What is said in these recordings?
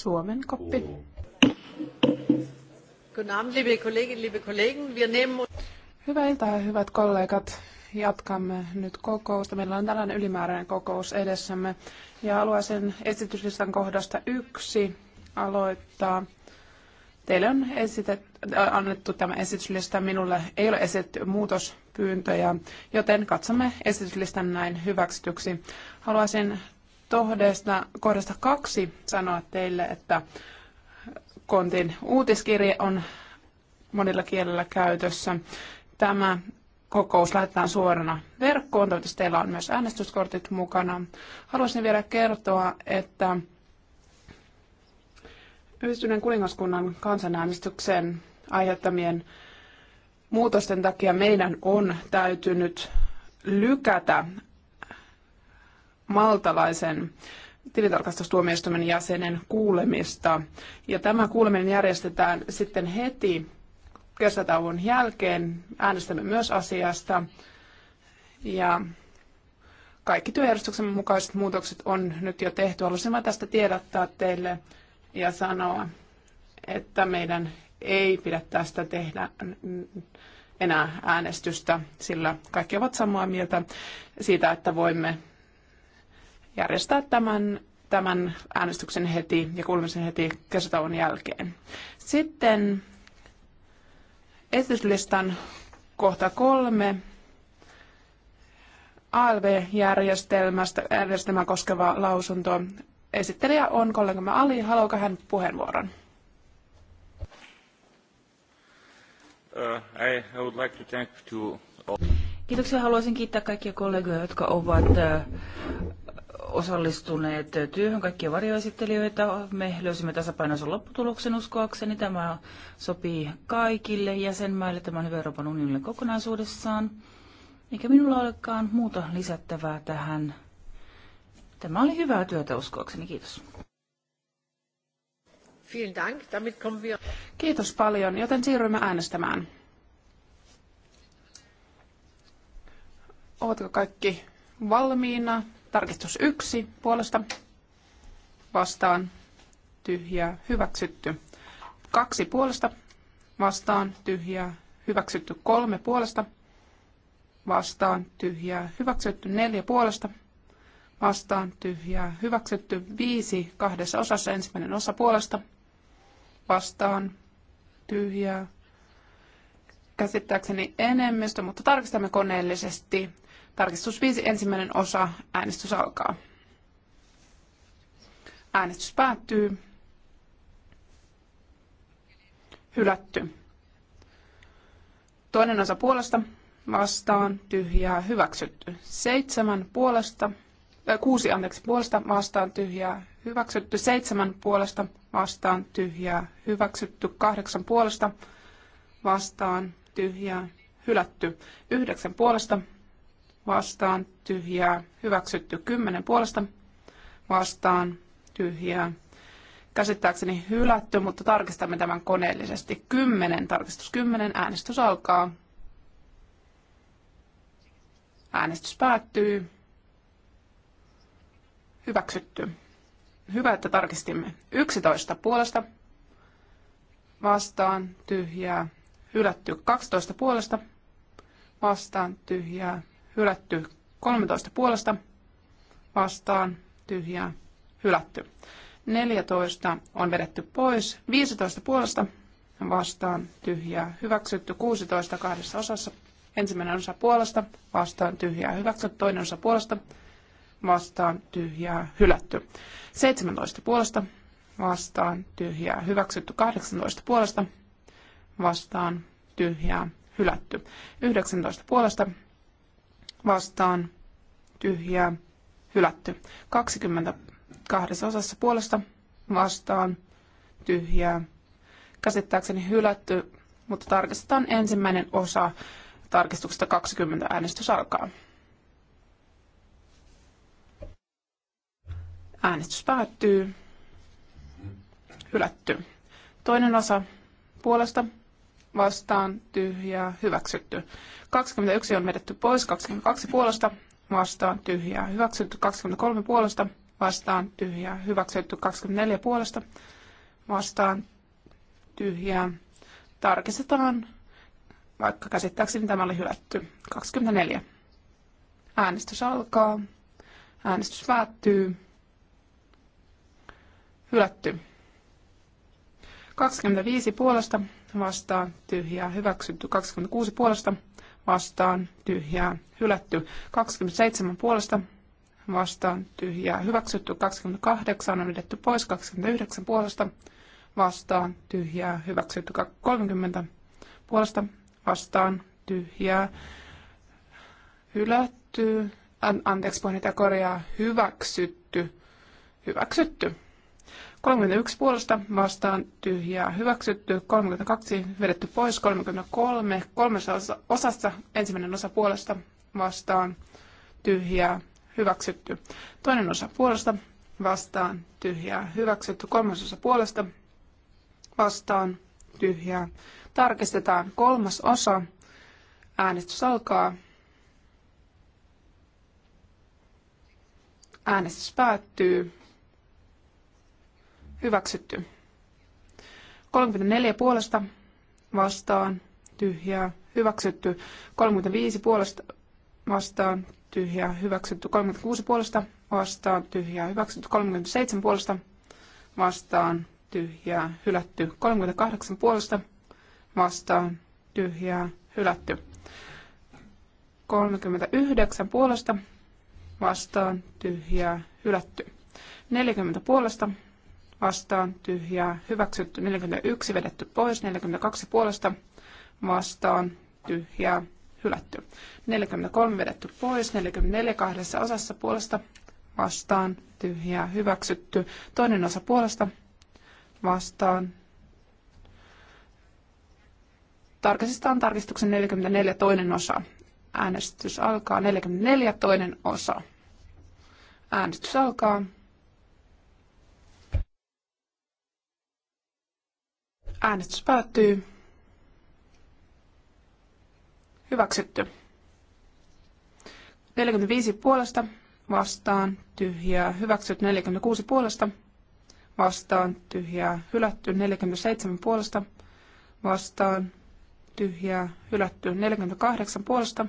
Suomen koppi. Hyvää iltaa, hyvät kollegat. Jatkamme nyt kokousta. Meillä on tällainen ylimääräinen kokous edessämme. Ja haluaisin esityslistan kohdasta yksi aloittaa. Teille on esitet, äh, annettu tämä esityslista. Minulle ei ole esitetty muutospyyntöjä, joten katsomme esityslistan näin hyväksytyksi. Haluaisin tohdesta, kohdasta kaksi sanoa teille, että Kontin uutiskirje on monilla kielillä käytössä. Tämä kokous lähetetään suorana verkkoon. Toivottavasti teillä on myös äänestyskortit mukana. Haluaisin vielä kertoa, että Yhdistyneen kuningaskunnan kansanäänestyksen aiheuttamien muutosten takia meidän on täytynyt lykätä maltalaisen tilintarkastustuomioistuimen jäsenen kuulemista. Ja tämä kuuleminen järjestetään sitten heti kesätauon jälkeen. Äänestämme myös asiasta. Ja kaikki työjärjestyksen mukaiset muutokset on nyt jo tehty. Haluaisin vain tästä tiedottaa teille ja sanoa, että meidän ei pidä tästä tehdä enää äänestystä, sillä kaikki ovat samaa mieltä siitä, että voimme järjestää tämän, tämän äänestyksen heti ja kuulemisen heti kesätauon jälkeen. Sitten esityslistan kohta kolme. ALV-järjestelmää koskeva lausunto. Esittelijä on kollegamme Ali. Haluaako hän puheenvuoron? Uh, like to... Kiitoksia. Haluaisin kiittää kaikkia kollegoja, jotka ovat uh, osallistuneet työhön kaikkia varjoesittelijöitä. Me löysimme tasapainoisen lopputuloksen uskoakseni. Tämä sopii kaikille jäsenmaille. Tämä on hyvä Euroopan unionille kokonaisuudessaan. Eikä minulla olekaan muuta lisättävää tähän. Tämä oli hyvää työtä uskoakseni. Kiitos. Kiitos paljon, joten siirrymme äänestämään. Ovatko kaikki valmiina? Tarkistus yksi puolesta vastaan tyhjää hyväksytty. Kaksi puolesta vastaan tyhjää hyväksytty. Kolme puolesta vastaan tyhjää hyväksytty. Neljä puolesta vastaan tyhjää hyväksytty. Viisi kahdessa osassa ensimmäinen osa puolesta vastaan tyhjää käsittääkseni enemmistö, mutta tarkistamme koneellisesti. Tarkistus 5, ensimmäinen osa. Äänestys alkaa. Äänestys päättyy. Hylätty. Toinen osa puolesta. Vastaan. Tyhjää. Hyväksytty. Seitsemän puolesta. Äh, kuusi, anteeksi, puolesta. Vastaan. Tyhjää. Hyväksytty. Seitsemän puolesta. Vastaan. Tyhjää. Hyväksytty. Kahdeksan puolesta. Vastaan. Tyhjää. Hylätty. Yhdeksän puolesta vastaan tyhjää, hyväksytty 10 puolesta vastaan tyhjää. Käsittääkseni hylätty, mutta tarkistamme tämän koneellisesti. 10, tarkistus 10, äänestys alkaa. Äänestys päättyy. Hyväksytty. Hyvä, että tarkistimme. 11 puolesta vastaan tyhjää. Hylätty 12 puolesta vastaan tyhjää hylätty 13 puolesta vastaan tyhjää hylätty. 14 on vedetty pois, 15 puolesta vastaan tyhjää hyväksytty, 16 kahdessa osassa, ensimmäinen osa puolesta vastaan tyhjää hyväksytty, toinen osa puolesta vastaan tyhjää hylätty, 17 puolesta vastaan tyhjää hyväksytty, 18 puolesta vastaan tyhjää hylätty, 19 puolesta vastaan tyhjää hylätty. 20 kahdessa osassa puolesta vastaan tyhjää. Käsittääkseni hylätty, mutta tarkistetaan ensimmäinen osa tarkistuksesta 20 äänestys alkaa. Äänestys päättyy. Hylätty. Toinen osa puolesta vastaan tyhjää hyväksytty. 21 on vedetty pois, 22 puolesta vastaan tyhjää hyväksytty, 23 puolesta vastaan tyhjää hyväksytty, 24 puolesta vastaan tyhjää. Tarkistetaan, vaikka käsittääkseni tämä oli hylätty. 24. Äänestys alkaa. Äänestys päättyy. Hylätty. 25 puolesta vastaan tyhjää hyväksytty. 26 puolesta vastaan tyhjää hylätty. 27 puolesta vastaan tyhjää hyväksytty. 28 on edetty pois. 29 puolesta vastaan tyhjää hyväksytty. 30 puolesta vastaan tyhjää hylätty. anteeksi, puheenjohtaja korjaa hyväksytty. Hyväksytty. 31 puolesta vastaan tyhjää hyväksytty, 32 vedetty pois, 33 kolmessa osassa ensimmäinen osa puolesta vastaan tyhjää hyväksytty, toinen osa puolesta vastaan tyhjää hyväksytty, kolmas osa puolesta vastaan tyhjää. Tarkistetaan kolmas osa. Äänestys alkaa. Äänestys päättyy. Hyväksytty. 34 puolesta vastaan tyhjää. Hyväksytty. 35 puolesta vastaan tyhjää. Hyväksytty. 36 puolesta vastaan tyhjää. Hyväksytty. 37 puolesta vastaan tyhjää. Hylätty. 38 puolesta vastaan tyhjää. Hylätty. 39 puolesta vastaan tyhjää hylätty. 40 puolesta vastaan tyhjää hyväksytty. 41 vedetty pois. 42 puolesta vastaan tyhjää hylätty. 43 vedetty pois. 44 kahdessa osassa puolesta vastaan tyhjää hyväksytty. Toinen osa puolesta vastaan Tarkistetaan tarkistuksen 44 toinen osa. Äänestys alkaa 44 toinen osa. Äänestys alkaa. Äänestys päättyy. Hyväksytty. 45 puolesta vastaan tyhjää hyväksytty 46 puolesta vastaan tyhjää hylätty 47 puolesta vastaan tyhjää hylätty 48 puolesta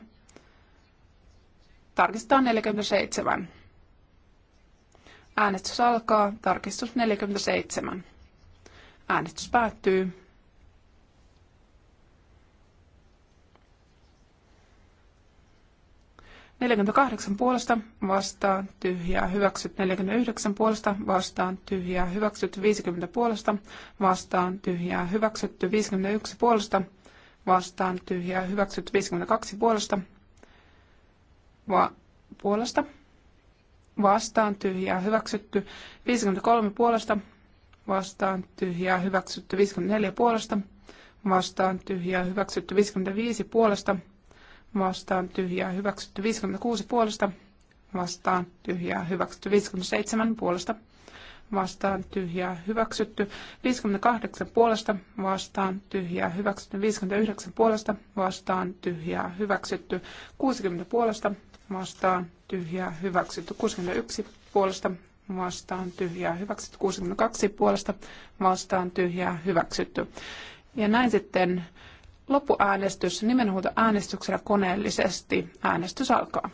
tarkistetaan 47. Äänestys alkaa tarkistus 47. Äänestys päättyy. Neljäkymmentäkahdeksan puolesta vastaan tyhjää hyväksyt. 49 puolesta vastaan tyhjää hyväksytty. 50 puolesta vastaan tyhjää hyväksytty. 51 puolesta vastaan tyhjää hyväksytty. 52 puolesta va- puolesta vastaan tyhjää hyväksytty. 53 puolesta vastaan tyhjää hyväksytty 54 puolesta, vastaan tyhjää hyväksytty 55 puolesta, vastaan tyhjää hyväksytty 56 puolesta, vastaan tyhjää hyväksytty 57 puolesta, vastaan tyhjää hyväksytty 58 puolesta, vastaan tyhjää hyväksytty 59 puolesta, vastaan tyhjää hyväksytty 60 puolesta, vastaan tyhjää hyväksytty 61 puolesta, vastaan tyhjää hyväksytty, 62 puolesta vastaan tyhjää hyväksytty. Ja näin sitten loppuäänestys nimenhuuto äänestyksellä koneellisesti. Äänestys alkaa.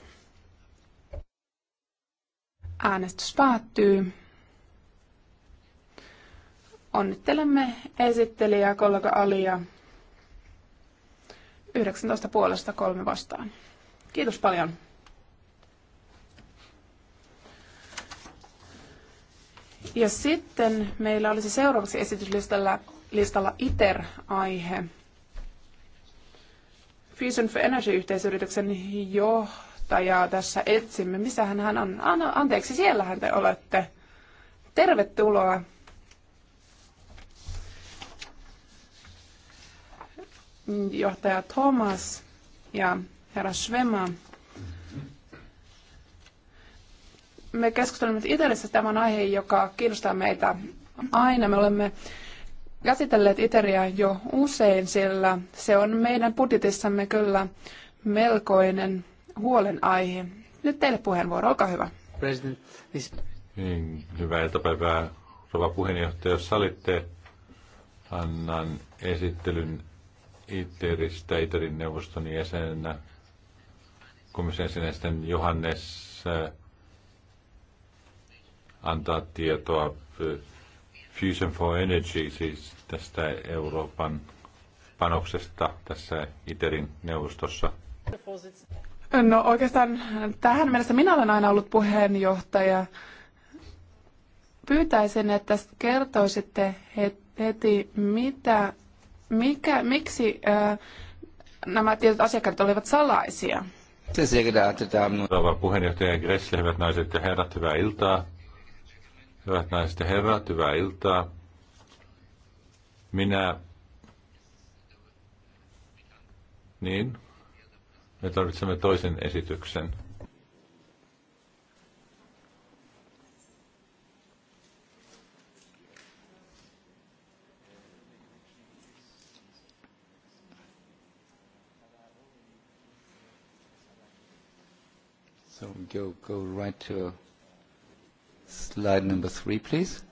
Äänestys päättyy. Onnittelemme esittelijää kollega Alia 19 puolesta kolme vastaan. Kiitos paljon. Ja sitten meillä olisi seuraavaksi esityslistalla listalla ITER-aihe. Fusion for Energy-yhteisyrityksen johtajaa tässä etsimme. Missähän hän on? anteeksi, siellähän te olette. Tervetuloa. Johtaja Thomas ja herra Svema me keskustelemme Iterissä tämän aiheen, joka kiinnostaa meitä aina. Me olemme käsitelleet Iteriä jo usein, sillä se on meidän budjetissamme kyllä melkoinen huolenaihe. Nyt teille puheenvuoro, olkaa hyvä. President, this... niin, hyvää iltapäivää, rouva puheenjohtaja. Jos salitte, annan esittelyn ITERistä, ITERin neuvoston jäsenenä, komission jäsenen Johannes äh, antaa tietoa eh, Fusion for Energy, siis tästä Euroopan panoksesta tässä ITERin neuvostossa? No oikeastaan tähän mennessä minä olen aina ollut puheenjohtaja. Pyytäisin, että kertoisitte heti, mitä, mikä, miksi ää, eh, nämä tietyt asiakirjat olivat salaisia. Rouva puheenjohtaja Gressle, hyvät naiset ja herrat, hyvää iltaa. Hyvät naiset ja herrat, hyvää iltaa. Minä... Niin? Me tarvitsemme toisen esityksen. So go, go right to Slide number three, please.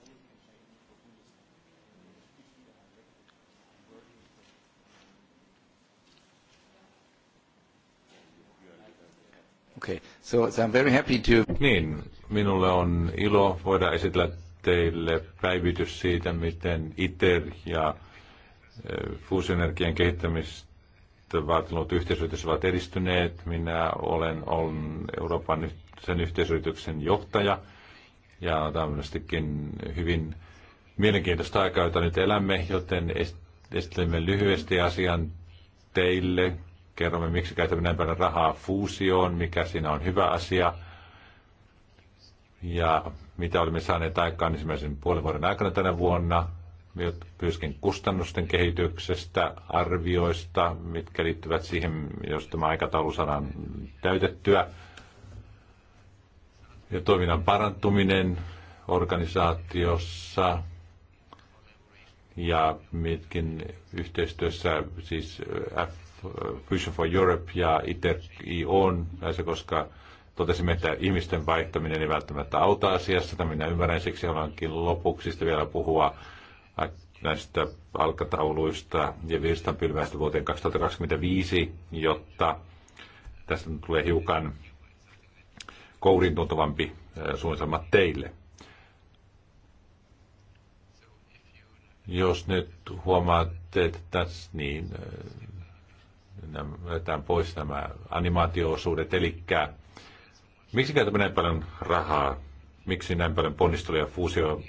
Okay, so, I'm very happy to... Niin, minulle on ilo voida esitellä teille päivitys siitä, miten ITER ja eh, fuusioenergian kehittämistä vaatinut yhteisyritys ovat edistyneet. Minä olen, olen Euroopan sen yhteisyrityksen johtaja – ja tämä on hyvin mielenkiintoista aikaa, jota nyt elämme, joten esittelemme lyhyesti asian teille. Kerromme, miksi käytämme näin paljon rahaa fuusioon, mikä siinä on hyvä asia ja mitä olemme saaneet aikaan ensimmäisen puolen vuoden aikana tänä vuonna, myöskin kustannusten kehityksestä, arvioista, mitkä liittyvät siihen, jos tämä aikataulu saadaan täytettyä ja toiminnan parantuminen organisaatiossa ja mitkin yhteistyössä siis äh, F, Fusion for Europe ja iter on näissä, koska totesimme, että ihmisten vaihtaminen ei välttämättä auta asiassa. Tämä minä ymmärrän, siksi haluankin lopuksi sitten vielä puhua äh, näistä alkatauluista ja virstanpylväistä vuoteen 2025, jotta tästä tulee hiukan kourin tuntuvampi suunnitelma teille. Jos nyt huomaatte, että tässä niin jätetään pois nämä animaatioosuudet, eli miksi käytämme näin paljon rahaa, miksi näin paljon ponnisteluja fuusio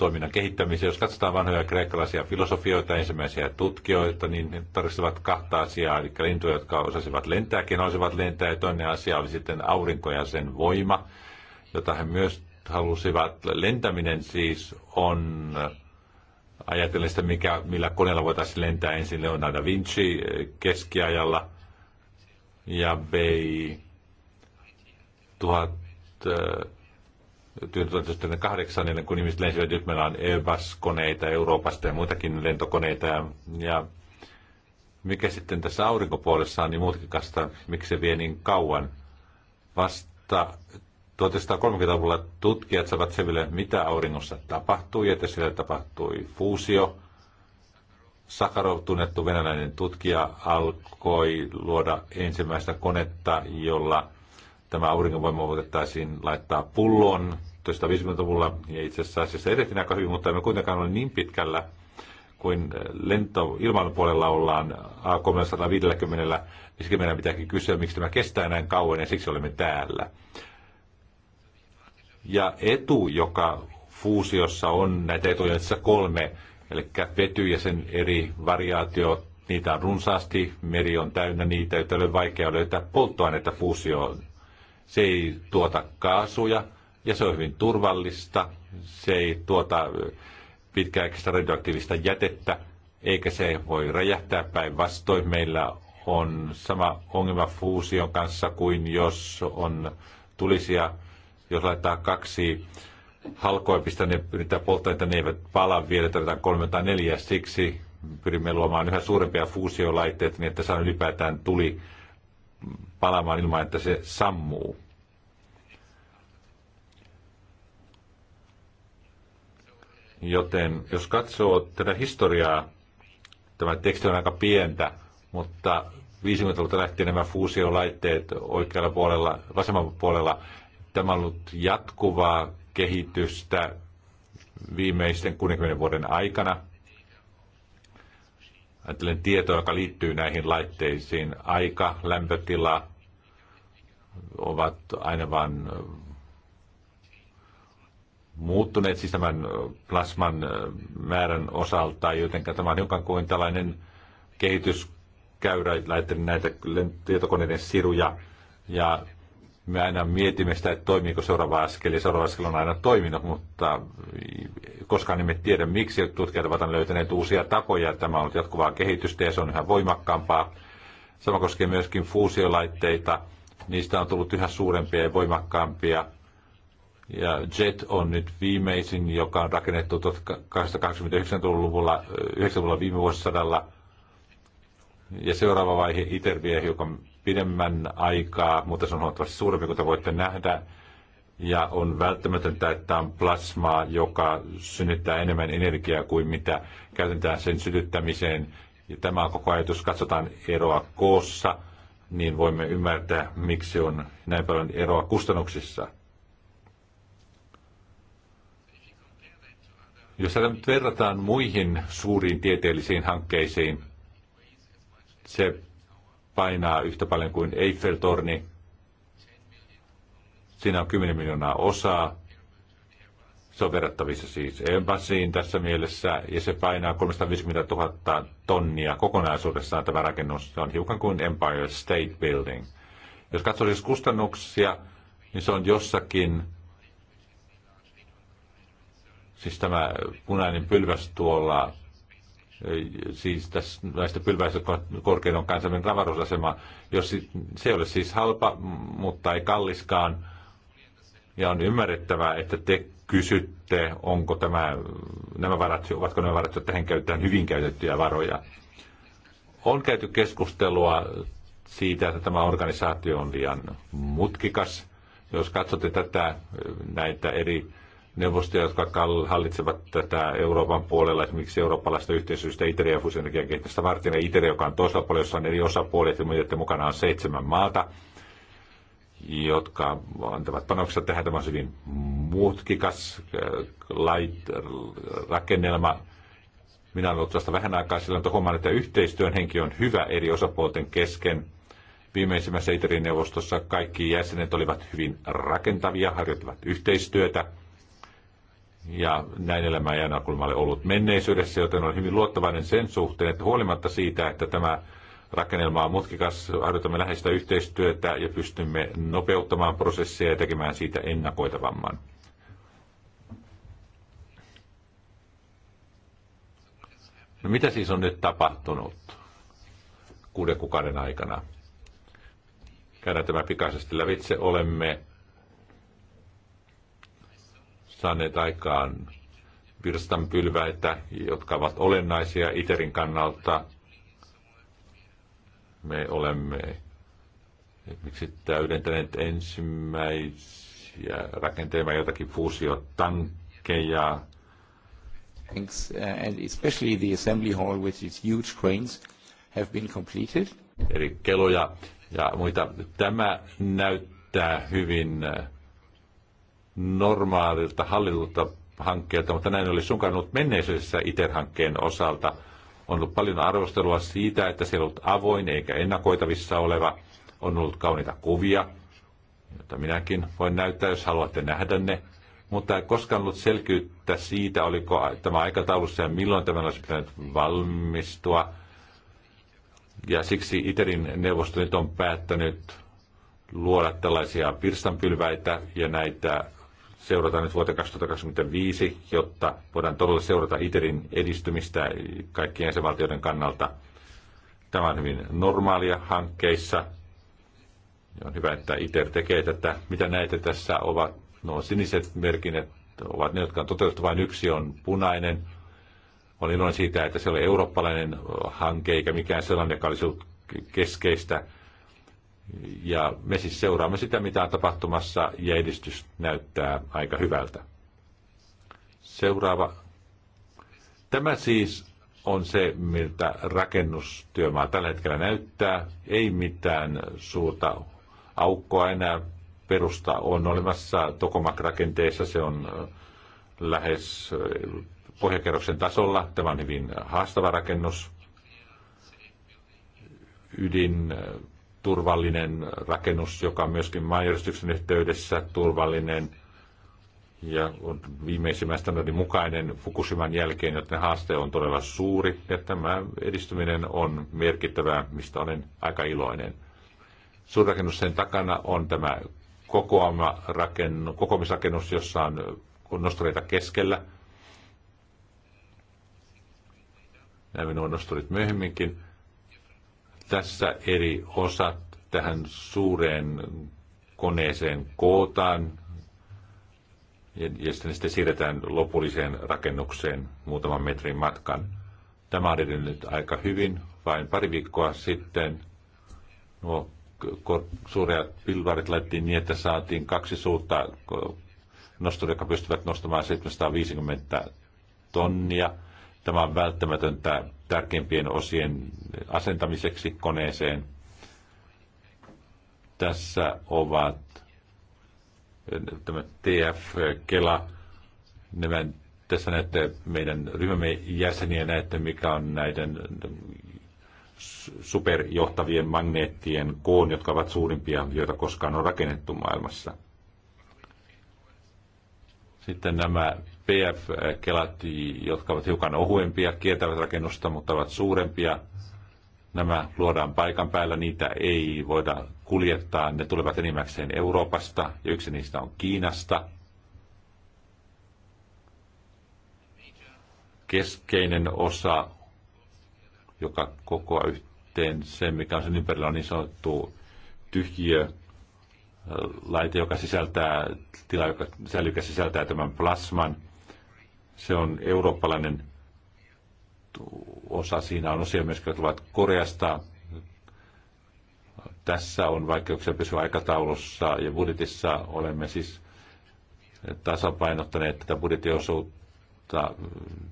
toiminnan kehittämiseen. Jos katsotaan vanhoja kreikkalaisia filosofioita, ensimmäisiä tutkijoita, niin ne tarvitsivat kahta asiaa, eli lintuja, jotka osasivat lentääkin, osasivat lentää, ja toinen asia oli sitten aurinko ja sen voima, jota he myös halusivat. Lentäminen siis on ajatellen sitä, mikä, millä koneella voitaisiin lentää ensin Leonardo da Vinci eh, keskiajalla ja vei 1000 1948, kahdeksan, kun ihmiset lensivät, nyt meillä on Airbus-koneita Euroopasta ja muitakin lentokoneita. Ja, ja mikä sitten tässä aurinkopuolessa on niin mutkikasta, miksi se vie niin kauan? Vasta 1930-luvulla tutkijat saavat selville, mitä auringossa tapahtui, että siellä tapahtui fuusio. Sakarov, tunnettu venäläinen tutkija, alkoi luoda ensimmäistä konetta, jolla tämä aurinkovoima voitettaisiin laittaa pulloon 1950-luvulla, ja itse asiassa se edettiin aika hyvin, mutta emme kuitenkaan ole niin pitkällä kuin äh, lento puolella ollaan A350, niin siksi meidän pitääkin kysyä, miksi tämä kestää näin kauan ja siksi olemme täällä. Ja etu, joka fuusiossa on, näitä etuja on kolme, eli vety ja sen eri variaatiot, niitä on runsaasti, meri on täynnä niitä, joita on vaikea löytää polttoainetta fuusioon. Se ei tuota kaasuja, ja se on hyvin turvallista. Se ei tuota pitkäaikaista radioaktiivista jätettä, eikä se voi räjähtää päinvastoin. Meillä on sama ongelma fuusion kanssa kuin jos on tulisia, jos laittaa kaksi halkoipista, ne yritetään polttaa, että ne eivät pala vielä, tarvitaan kolme tai neljä. Siksi pyrimme luomaan yhä suurempia fuusiolaitteita niin, että saadaan ylipäätään tuli palamaan ilman, että se sammuu. Joten jos katsoo tätä historiaa, tämä teksti on aika pientä, mutta 50-luvulta lähtien nämä fuusiolaitteet oikealla puolella, vasemmalla puolella, tämä on ollut jatkuvaa kehitystä viimeisten 60 vuoden aikana. Ajattelen tietoa, joka liittyy näihin laitteisiin. Aika, lämpötila ovat aina vain muuttuneet siis tämän plasman määrän osalta, joten tämä on hiukan kuin tällainen kehityskäyrä, laittelin näitä tietokoneiden siruja ja me aina mietimme sitä, että toimiiko seuraava askel, ja seuraava askel on aina toiminut, mutta koskaan emme tiedä, miksi tutkijat ovat löytäneet uusia tapoja. Tämä on ollut jatkuvaa kehitystä ja se on yhä voimakkaampaa. Sama koskee myöskin fuusiolaitteita. Niistä on tullut yhä suurempia ja voimakkaampia ja JET on nyt viimeisin, joka on rakennettu 1889 luvulla 90-luvulla viime vuosisadalla. Ja seuraava vaihe ITER vie hiukan pidemmän aikaa, mutta se on huomattavasti suurempi, kuten voitte nähdä. Ja on välttämätöntä, että on plasmaa, joka synnyttää enemmän energiaa kuin mitä käytetään sen sytyttämiseen. Ja tämä koko ajatus. Katsotaan eroa koossa, niin voimme ymmärtää, miksi on näin paljon eroa kustannuksissa – Jos tätä nyt verrataan muihin suuriin tieteellisiin hankkeisiin, se painaa yhtä paljon kuin Eiffeltorni. Siinä on 10 miljoonaa osaa. Se on verrattavissa siis Embassiin tässä mielessä, ja se painaa 350 000 tonnia kokonaisuudessaan tämä rakennus. Se on hiukan kuin Empire State Building. Jos katsoisi siis kustannuksia, niin se on jossakin Siis tämä punainen pylväs tuolla, siis tässä, näistä pylväistä korkein on kansainvälinen avaruusasema, jos se ei ole siis halpa, mutta ei kalliskaan. Ja on ymmärrettävää, että te kysytte, onko tämä, nämä varat, ovatko nämä varat, tähän käytetään hyvin käytettyjä varoja. On käyty keskustelua siitä, että tämä organisaatio on liian mutkikas. Jos katsotte tätä, näitä eri neuvostoja, jotka hallitsevat tätä Euroopan puolella, esimerkiksi eurooppalaista yhteisyystä ITERia ja fusioenergian kehittämistä varten. Ja ITERia, joka on toisella puolella, jossa on eri osapuolet, ja että mukana on seitsemän maata, jotka antavat panoksia tähän. Tämä on hyvin mutkikas äh, lait, rakennelma. Minä olen ollut tästä vähän aikaa silloin, että huomaan, että yhteistyön henki on hyvä eri osapuolten kesken – Viimeisimmässä ITERin neuvostossa kaikki jäsenet olivat hyvin rakentavia, harjoittivat yhteistyötä ja näin elämä ei aina ollut menneisyydessä, joten olen hyvin luottavainen sen suhteen, että huolimatta siitä, että tämä rakennelma on mutkikas, harjoitamme läheistä yhteistyötä ja pystymme nopeuttamaan prosesseja ja tekemään siitä ennakoitavamman. No mitä siis on nyt tapahtunut kuuden kuukauden aikana? Käydään tämä pikaisesti lävitse. Olemme saaneet aikaan virstanpylväitä, jotka ovat olennaisia ITERin kannalta. Me olemme miksi täydentäneet ensimmäisiä rakentelemaan jotakin fuusiotankkeja. Tanks, uh, and especially the assembly hall with its huge cranes have been completed. Eli keloja ja muita. Tämä näyttää hyvin uh, normaalilta hallitulta hankkeelta, mutta näin oli sunkaan ollut menneisyydessä ITER-hankkeen osalta. On ollut paljon arvostelua siitä, että se on ollut avoin eikä ennakoitavissa oleva. On ollut kauniita kuvia, joita minäkin voin näyttää, jos haluatte nähdä ne. Mutta ei koskaan ollut selkeyttä siitä, oliko tämä aikataulussa ja milloin tämä olisi pitänyt valmistua. Ja siksi ITERin neuvosto nyt on päättänyt luoda tällaisia pirstanpylväitä ja näitä seurataan nyt vuoteen 2025, jotta voidaan todella seurata ITERin edistymistä kaikkien jäsenvaltioiden kannalta. Tämä on hyvin normaalia hankkeissa. On hyvä, että ITER tekee tätä. Mitä näitä tässä ovat? No siniset merkinnät ovat ne, jotka on toteutettu, vain yksi on punainen. Olin iloinen siitä, että se oli eurooppalainen hanke, eikä mikään sellainen, joka olisi keskeistä ja me siis seuraamme sitä, mitä on tapahtumassa, ja edistys näyttää aika hyvältä. Seuraava. Tämä siis on se, miltä rakennustyömaa tällä hetkellä näyttää. Ei mitään suurta aukkoa enää perusta on olemassa. Tokomak-rakenteessa se on lähes pohjakerroksen tasolla. Tämä on hyvin haastava rakennus. Ydin turvallinen rakennus, joka on myöskin maanjärjestyksen yhteydessä turvallinen ja on viimeisimmän standardin mukainen Fukushiman jälkeen, joten haaste on todella suuri ja tämä edistyminen on merkittävää, mistä olen aika iloinen. Suurrakennus sen takana on tämä kokoama rakennu, kokoamisrakennus, jossa on nostureita keskellä. Nämä nuo nosturit myöhemminkin tässä eri osat tähän suureen koneeseen kootaan ja, ja sitten, sitten siirretään lopulliseen rakennukseen muutaman metrin matkan. Tämä on edennyt aika hyvin. Vain pari viikkoa sitten nuo suuret pilvarit laitettiin niin, että saatiin kaksi suutta nostoa, jotka pystyvät nostamaan 750 tonnia – Tämä on välttämätöntä tärkeimpien osien asentamiseksi koneeseen. Tässä ovat tämä TF, Kela, nämä, tässä näette meidän ryhmämme jäseniä, näette mikä on näiden superjohtavien magneettien koon, jotka ovat suurimpia, joita koskaan on rakennettu maailmassa. Sitten nämä PF-kelat, eh, jotka ovat hiukan ohuempia, kiertävät rakennusta, mutta ovat suurempia. Nämä luodaan paikan päällä, niitä ei voida kuljettaa. Ne tulevat enimmäkseen Euroopasta ja yksi niistä on Kiinasta. Keskeinen osa, joka kokoaa yhteen sen, mikä on sen ympärillä, on niin sanottu tyhjiö, eh, laite, joka sisältää, tila, joka, joka sisältää tämän plasman, se on eurooppalainen osa. Siinä on osia myös, jotka tulevat Koreasta. Tässä on vaikeuksia pysyä aikataulussa ja budjetissa olemme siis tasapainottaneet tätä budjettiosuutta mm,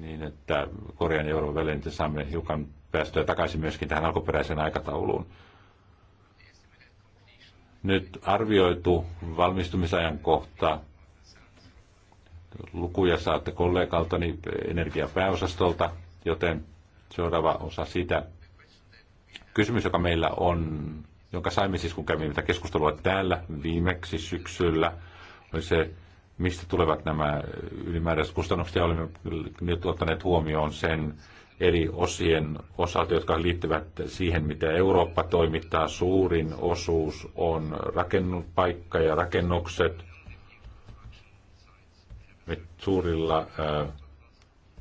niin, että Korean ja Euroopan välillä saamme hiukan päästöä takaisin myöskin tähän alkuperäiseen aikatauluun. Nyt arvioitu kohta lukuja saatte kollegaltani niin energiapääosastolta, joten seuraava osa sitä. Kysymys, joka meillä on, jonka saimme siis, kun kävimme tätä keskustelua täällä viimeksi syksyllä, oli se, mistä tulevat nämä ylimääräiset kustannukset, ja olemme nyt ottaneet huomioon sen eri osien osalta, jotka liittyvät siihen, mitä Eurooppa toimittaa. Suurin osuus on rakennuspaikka ja rakennukset – suurilla äh,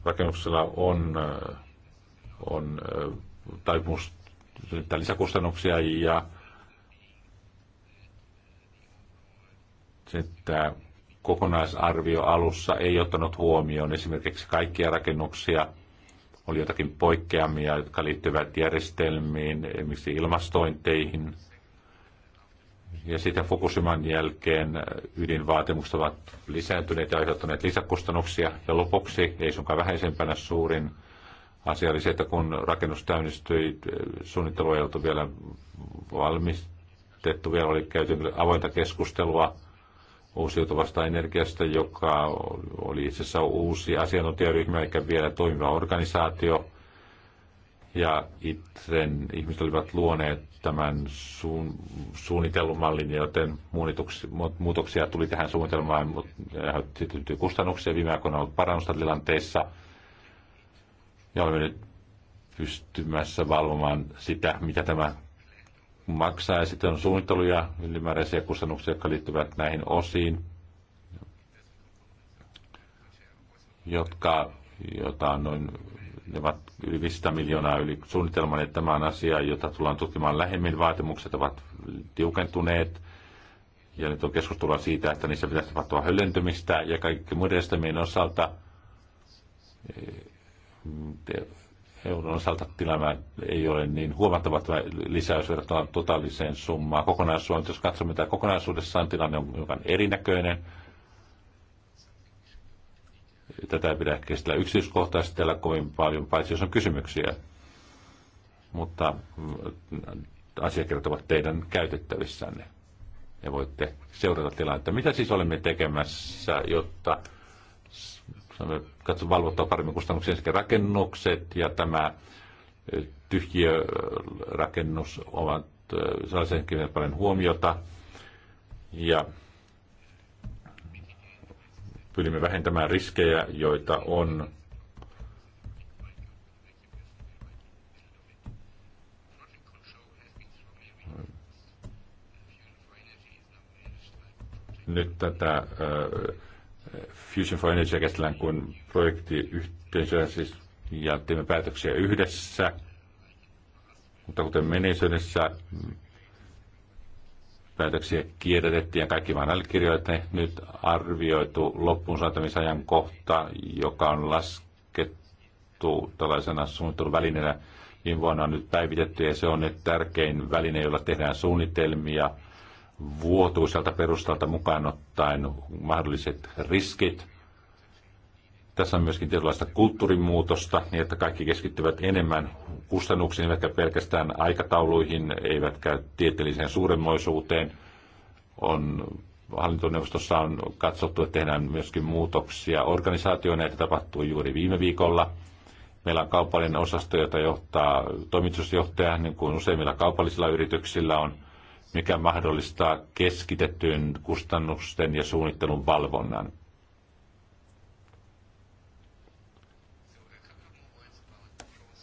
rakennuksilla on, äh, on äh, taipumus lisäkustannuksia ja että kokonaisarvio alussa ei ottanut huomioon esimerkiksi kaikkia rakennuksia. Oli jotakin poikkeamia, jotka liittyvät järjestelmiin, esimerkiksi ilmastointeihin – ja sitä Fukushiman jälkeen äh, ydinvaatimukset ovat lisääntyneet ja aiheuttaneet lisäkustannuksia. Ja lopuksi, ei sunkaan vähäisempänä suurin asia oli se, että kun rakennus täynnistyi, äh, suunnittelu ei oltu vielä valmistettu, vielä oli käyty avointa keskustelua uusiutuvasta energiasta, joka oli itse asiassa uusi asiantuntijaryhmä eikä vielä toimiva organisaatio – ja itsen ihmiset olivat luoneet tämän suun, suunnitellun mallin, joten muutoksia tuli tähän suunnitelmaan, mutta sitten kustannuksia. Viime aikoina on ollut parannusta tilanteessa ja olemme nyt pystymässä valvomaan sitä, mitä tämä maksaa. Ja sitten on ja ylimääräisiä kustannuksia, jotka liittyvät näihin osiin, jotka, jota on noin ne ovat yli 500 miljoonaa yli suunnitelman, että tämä on asia, jota tullaan tutkimaan lähemmin. Vaatimukset ovat tiukentuneet ja nyt on keskustelua siitä, että niissä pitäisi tapahtua höllentymistä ja kaikki muiden estämien osalta eh, euron osalta tilanne ei ole niin huomattava lisäys verrattuna totaaliseen summaan Kokonaisuudessaan, Jos katsomme mitä kokonaisuudessaan tilanne on hiukan erinäköinen Tätä ei pidä käsitellä yksityiskohtaisesti täällä kovin paljon, paitsi jos on kysymyksiä. Mutta mm, asiakirjat ovat teidän käytettävissänne ja voitte seurata tilannetta. Mitä siis olemme tekemässä, jotta katsotaan katso valvottaa paremmin kustannuksia sekä rakennukset ja tämä tyhjiörakennus ovat sellaisenkin paljon huomiota. Ja pyrimme vähentämään riskejä, joita on nyt tätä Fusion for Energy käsitellään kuin projektiyhteisöä, siis ja teemme päätöksiä yhdessä. Mutta kuten menneisyydessä, päätöksiä kierrätettiin ja kaikki vaan allekirjoitettiin. Nyt arvioitu loppuun saatamisajan kohta, joka on laskettu tällaisena suunnitteluvälineenä viime niin vuonna on nyt päivitetty ja se on nyt tärkein väline, jolla tehdään suunnitelmia vuotuiselta perustalta mukaan ottaen mahdolliset riskit – tässä on myöskin tietynlaista kulttuurimuutosta, niin että kaikki keskittyvät enemmän kustannuksiin, eivätkä pelkästään aikatauluihin, eivätkä tieteelliseen suuremmoisuuteen. On hallintoneuvostossa on katsottu, että tehdään myöskin muutoksia organisaatioon. Näitä tapahtui juuri viime viikolla. Meillä on kaupallinen osasto, jota johtaa toimitusjohtaja, niin kuin useimmilla kaupallisilla yrityksillä on, mikä mahdollistaa keskitettyjen kustannusten ja suunnittelun valvonnan.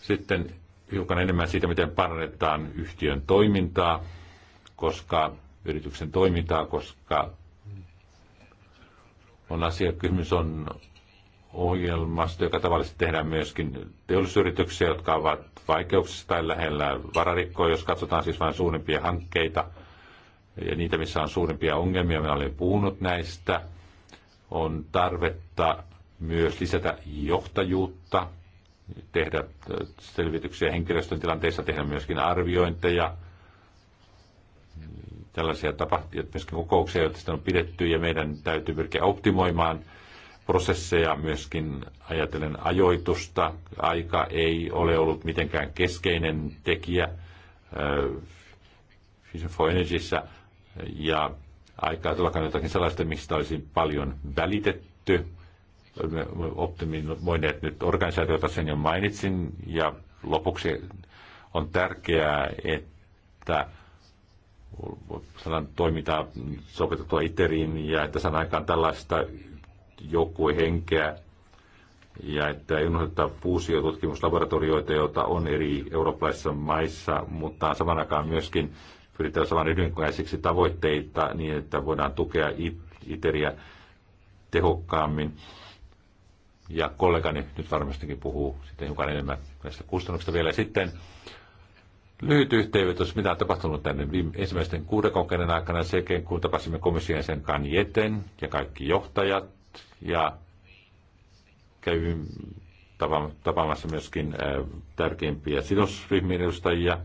Sitten hiukan enemmän siitä, miten parannetaan yhtiön toimintaa, koska yrityksen toimintaa, koska on asia, kysymys on ohjelmasta, joka tavallisesti tehdään myöskin teollisuusyrityksiä, jotka ovat vaikeuksissa tai lähellä vararikkoa, jos katsotaan siis vain suurimpia hankkeita ja niitä, missä on suurimpia ongelmia, minä olen puhunut näistä, on tarvetta myös lisätä johtajuutta tehdä selvityksiä henkilöstön tilanteissa, tehdä myöskin arviointeja, tällaisia tapahtumia, myöskin kokouksia, joita sitten on pidetty, ja meidän täytyy pyrkiä optimoimaan prosesseja, myöskin ajatellen ajoitusta. Aika ei ole ollut mitenkään keskeinen tekijä Fusion for Energyssä, ja aikaa tullakaan jotakin sellaista, mistä olisi paljon välitetty optimin voineet nyt organisaatiota, sen jo mainitsin, ja lopuksi on tärkeää, että saadaan toimintaa sopeutettua iteriin ja että saadaan aikaan tällaista joukkuehenkeä ja että ei unohdeta fuusiotutkimuslaboratorioita, joita on eri eurooppalaisissa maissa, mutta saman aikaan myöskin pyritään saamaan yhdenkäisiksi tavoitteita niin, että voidaan tukea iteriä tehokkaammin ja kollegani nyt varmastikin puhuu sitten hiukan enemmän näistä kustannuksista vielä. Sitten lyhyt yhteenvetos, mitä on tapahtunut tänne viime, ensimmäisten kuuden kokeiden aikana, sekin kun tapasimme komission sen Kanjeten ja kaikki johtajat ja kävin tapaamassa myöskin tärkeimpiä sidosryhmien edustajia.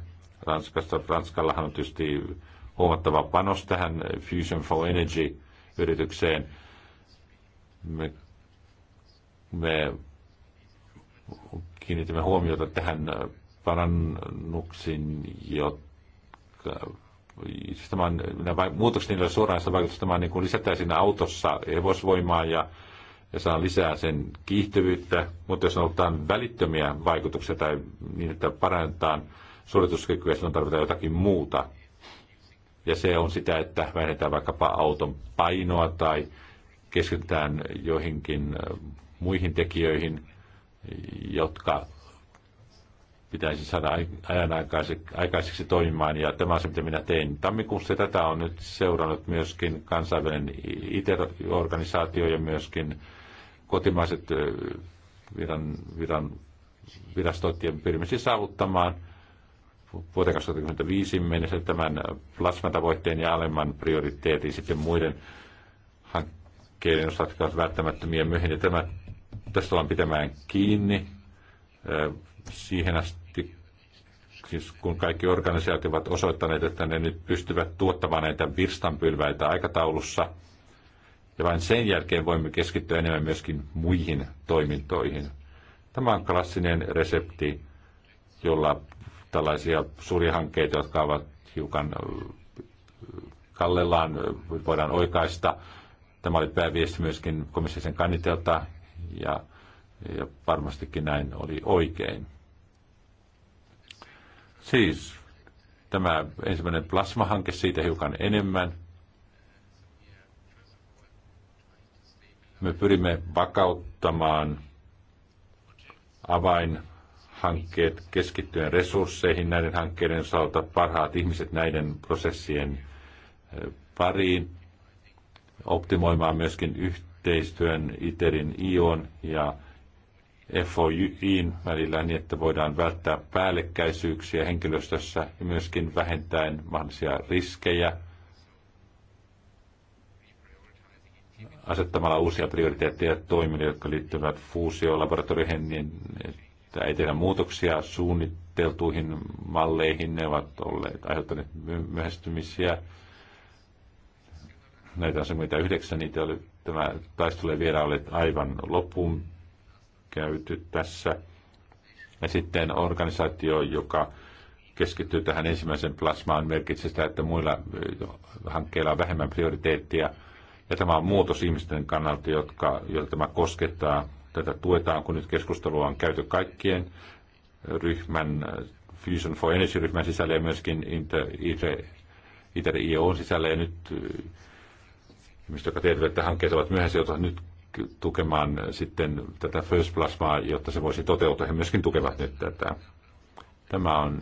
Ranskassa, Ranskallahan on tietysti huomattava panos tähän Fusion for Energy yritykseen. Me me kiinnitimme huomiota tähän parannuksiin, jotka siis tämä on, nämä muutokset niillä on suoraan sitä vaikutusta, tämä niin kuin lisätään siinä autossa hevosvoimaa ja, ja saa lisää sen kiihtyvyyttä, mutta jos on välittömiä vaikutuksia tai niin, että parannetaan suorituskykyä, silloin tarvitaan jotakin muuta. Ja se on sitä, että vähennetään vaikkapa auton painoa tai keskitytään joihinkin muihin tekijöihin, jotka pitäisi saada ajan aikaiseksi toimimaan. Ja tämä on se, mitä minä tein. Tammikuussa tätä on nyt seurannut myöskin kansainvälinen IT-organisaatio ja myöskin kotimaiset viran, viran, virastot ja pyrimme siis saavuttamaan vuoteen 2025 mennessä tämän plasmatavoitteen ja alemman prioriteetin sitten muiden hankkeiden osalta, jotka ovat välttämättömiä myöhemmin. Ja tämä Tästä ollaan pitämään kiinni siihen asti, siis kun kaikki organisaatiot ovat osoittaneet, että ne nyt pystyvät tuottamaan näitä virstanpylväitä aikataulussa. Ja vain sen jälkeen voimme keskittyä enemmän myöskin muihin toimintoihin. Tämä on klassinen resepti, jolla tällaisia suuria hankkeita, jotka ovat hiukan kallellaan, voidaan oikaista. Tämä oli pääviesti myöskin komissiosen kannitelta ja, ja varmastikin näin oli oikein. Siis tämä ensimmäinen plasmahanke siitä hiukan enemmän. Me pyrimme vakauttamaan avainhankkeet keskittyen resursseihin näiden hankkeiden osalta, parhaat ihmiset näiden prosessien eh, pariin, optimoimaan myöskin yhteyttä yhteistyön ITERin, ION ja FOIin välillä niin, että voidaan välttää päällekkäisyyksiä henkilöstössä ja myöskin vähentäen mahdollisia riskejä asettamalla uusia prioriteetteja toimille, jotka liittyvät fuusiolaboratorioihin, niin että ei tehdä muutoksia suunniteltuihin malleihin. Ne ovat olleet aiheuttaneet myöhästymisiä. Näitä on se, mitä yhdeksän, niitä oli Tämä taistelu vielä ole aivan loppuun käyty tässä. Ja sitten organisaatio, joka keskittyy tähän ensimmäisen plasmaan, merkitsee sitä, että muilla hankkeilla on vähemmän prioriteettia. Ja tämä on muutos ihmisten kannalta, jotka, joita tämä koskettaa. Tätä tuetaan, kun nyt keskustelua on käyty kaikkien ryhmän, Fusion for Energy-ryhmän sisällä ja myöskin ITER-IOn sisällä. Ja nyt ihmiset, jotka tietävät, että hankkeet ovat myöhässä, joutuvat nyt tukemaan sitten tätä First Plasmaa, jotta se voisi toteutua. He myöskin tukevat nyt tätä. Tämä on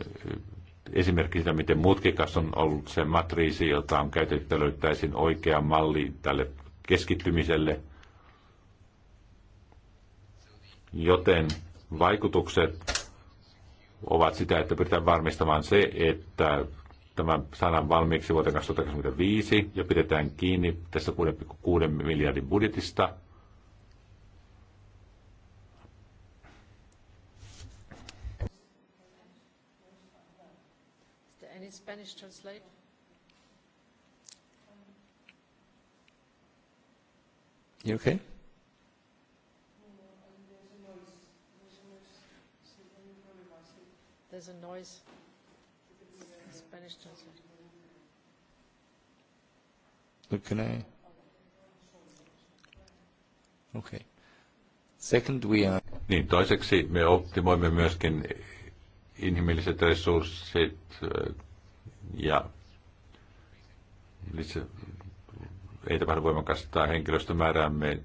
esimerkki siitä, miten mutkikas on ollut se matriisi, jota on käytetty, että löytäisiin oikea malli tälle keskittymiselle. Joten vaikutukset ovat sitä, että pyritään varmistamaan se, että tämä saadaan valmiiksi vuoteen 2025 ja pidetään kiinni tästä 6,6 miljardin budjetista. Spanish translate? You okay? There's a noise. Spanish translation. But can I? Okay. Second, we are... Niin, toiseksi me optimoimme myöskin inhimilliset resurssit äh, ja ei tapahdu voimakasta henkilöstömäärää. Me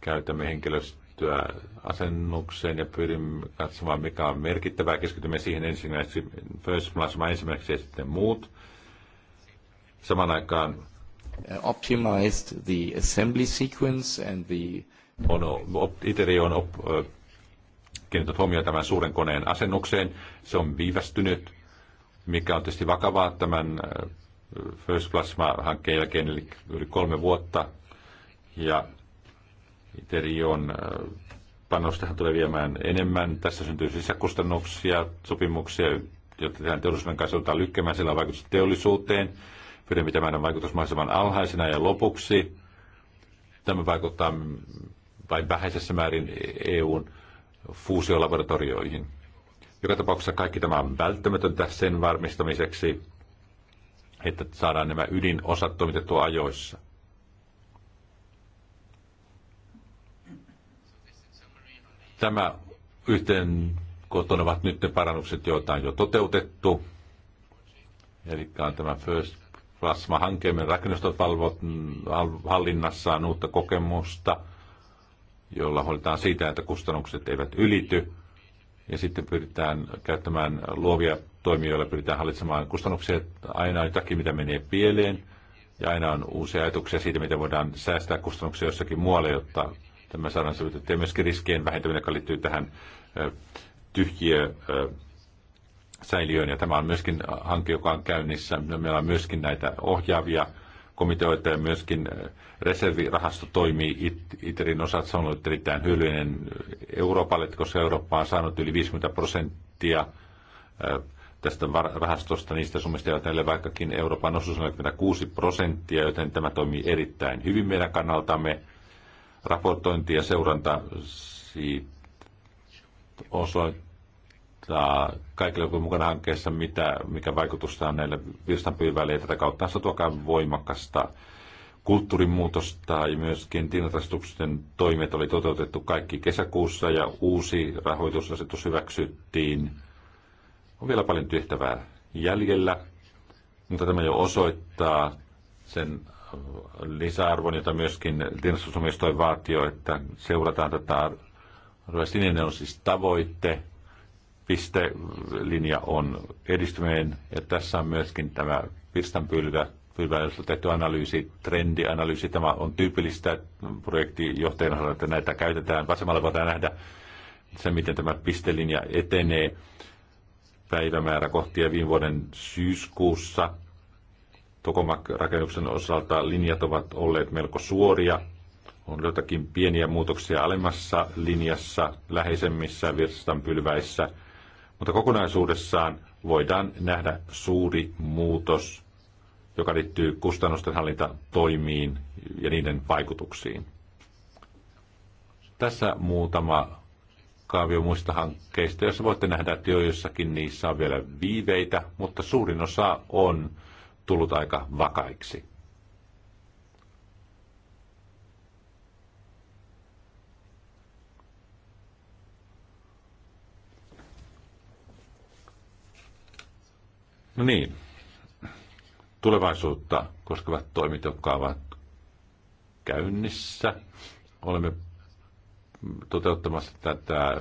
käytämme henkilöstöä keskittyä asennukseen ja pyrimme katsomaan, mikä on merkittävää. Keskitymme siihen ensimmäiseksi First Plasma ensimmäiseksi ja sitten muut. Saman aikaan uh, optimized the assembly sequence and the... On, op, ITERI on op, kiinnittänyt huomioon tämän suuren koneen asennukseen. Se on viivästynyt, mikä on tietysti vakavaa tämän First Plasma-hankkeen jälkeen, eli yli kolme vuotta. Ja Interion äh, panos tähän tulee viemään enemmän. Tässä syntyy sisäkustannuksia, sopimuksia, joita tehdään teollisuuden kanssa joudutaan lykkäämään. Sillä on vaikutus teollisuuteen. Pyrimme pitämään vaikutus mahdollisimman alhaisena ja lopuksi. Tämä vaikuttaa vain vähäisessä määrin EUn fuusiolaboratorioihin. Joka tapauksessa kaikki tämä on välttämätöntä sen varmistamiseksi, että saadaan nämä ydinosat toimitettua ajoissa. Tämä yhteen koton ovat nyt ne parannukset, joita on jo toteutettu. Eli on tämä First plasma meidän rakennustot valvot hallinnassaan uutta kokemusta, jolla huolitaan siitä, että kustannukset eivät ylity. Ja sitten pyritään käyttämään luovia toimia, joilla pyritään hallitsemaan kustannuksia. Aina on jotakin, mitä menee pieleen, ja aina on uusia ajatuksia siitä, miten voidaan säästää kustannuksia jossakin muualle, jotta Tämä saadaan selvitetty ja myöskin riskien vähentäminen, joka liittyy tähän tyhjiö säiliöön. Ja tämä on myöskin hanke, joka on käynnissä. No, meillä on myöskin näitä ohjaavia komiteoita ja myöskin reservirahasto toimii ITERin osat. Se on ollut erittäin hyödyllinen Euroopalle, koska Eurooppa on saanut yli 50 prosenttia tästä rahastosta niistä summista, joita näille vaikkakin Euroopan osuus on 46 prosenttia, joten tämä toimii erittäin hyvin meidän kannaltamme raportointi ja seuranta siitä osoittaa kaikille, jotka mukana hankkeessa, mitä, mikä vaikutusta on näille virstanpyyväille ja tätä kautta satuakaan voimakasta kulttuurimuutosta ja myöskin tilintarkastuksen toimet oli toteutettu kaikki kesäkuussa ja uusi rahoitusasetus hyväksyttiin. On vielä paljon tyhtävää jäljellä, mutta tämä jo osoittaa sen lisäarvon, jota myöskin tilastusomistoin vaatio, että seurataan tätä. Sininen on siis tavoitte, linja on edistyminen, ja tässä on myöskin tämä virstanpylvä, pylväydestä tehty analyysi, trendianalyysi. Tämä on tyypillistä projektijohtajan osalta, että näitä käytetään. Vasemmalla voidaan nähdä se, miten tämä pistelinja etenee päivämäärä kohti ja viime vuoden syyskuussa – Tokomak-rakennuksen osalta linjat ovat olleet melko suoria. On jotakin pieniä muutoksia alemmassa linjassa, läheisemmissä virstanpylväissä, mutta kokonaisuudessaan voidaan nähdä suuri muutos, joka liittyy kustannusten hallintatoimiin ja niiden vaikutuksiin. Tässä muutama kaavio muista hankkeista, joissa voitte nähdä, että jo jossakin niissä on vielä viiveitä, mutta suurin osa on tullut aika vakaiksi. No niin, tulevaisuutta koskevat toimit, jotka ovat käynnissä. Olemme toteuttamassa tätä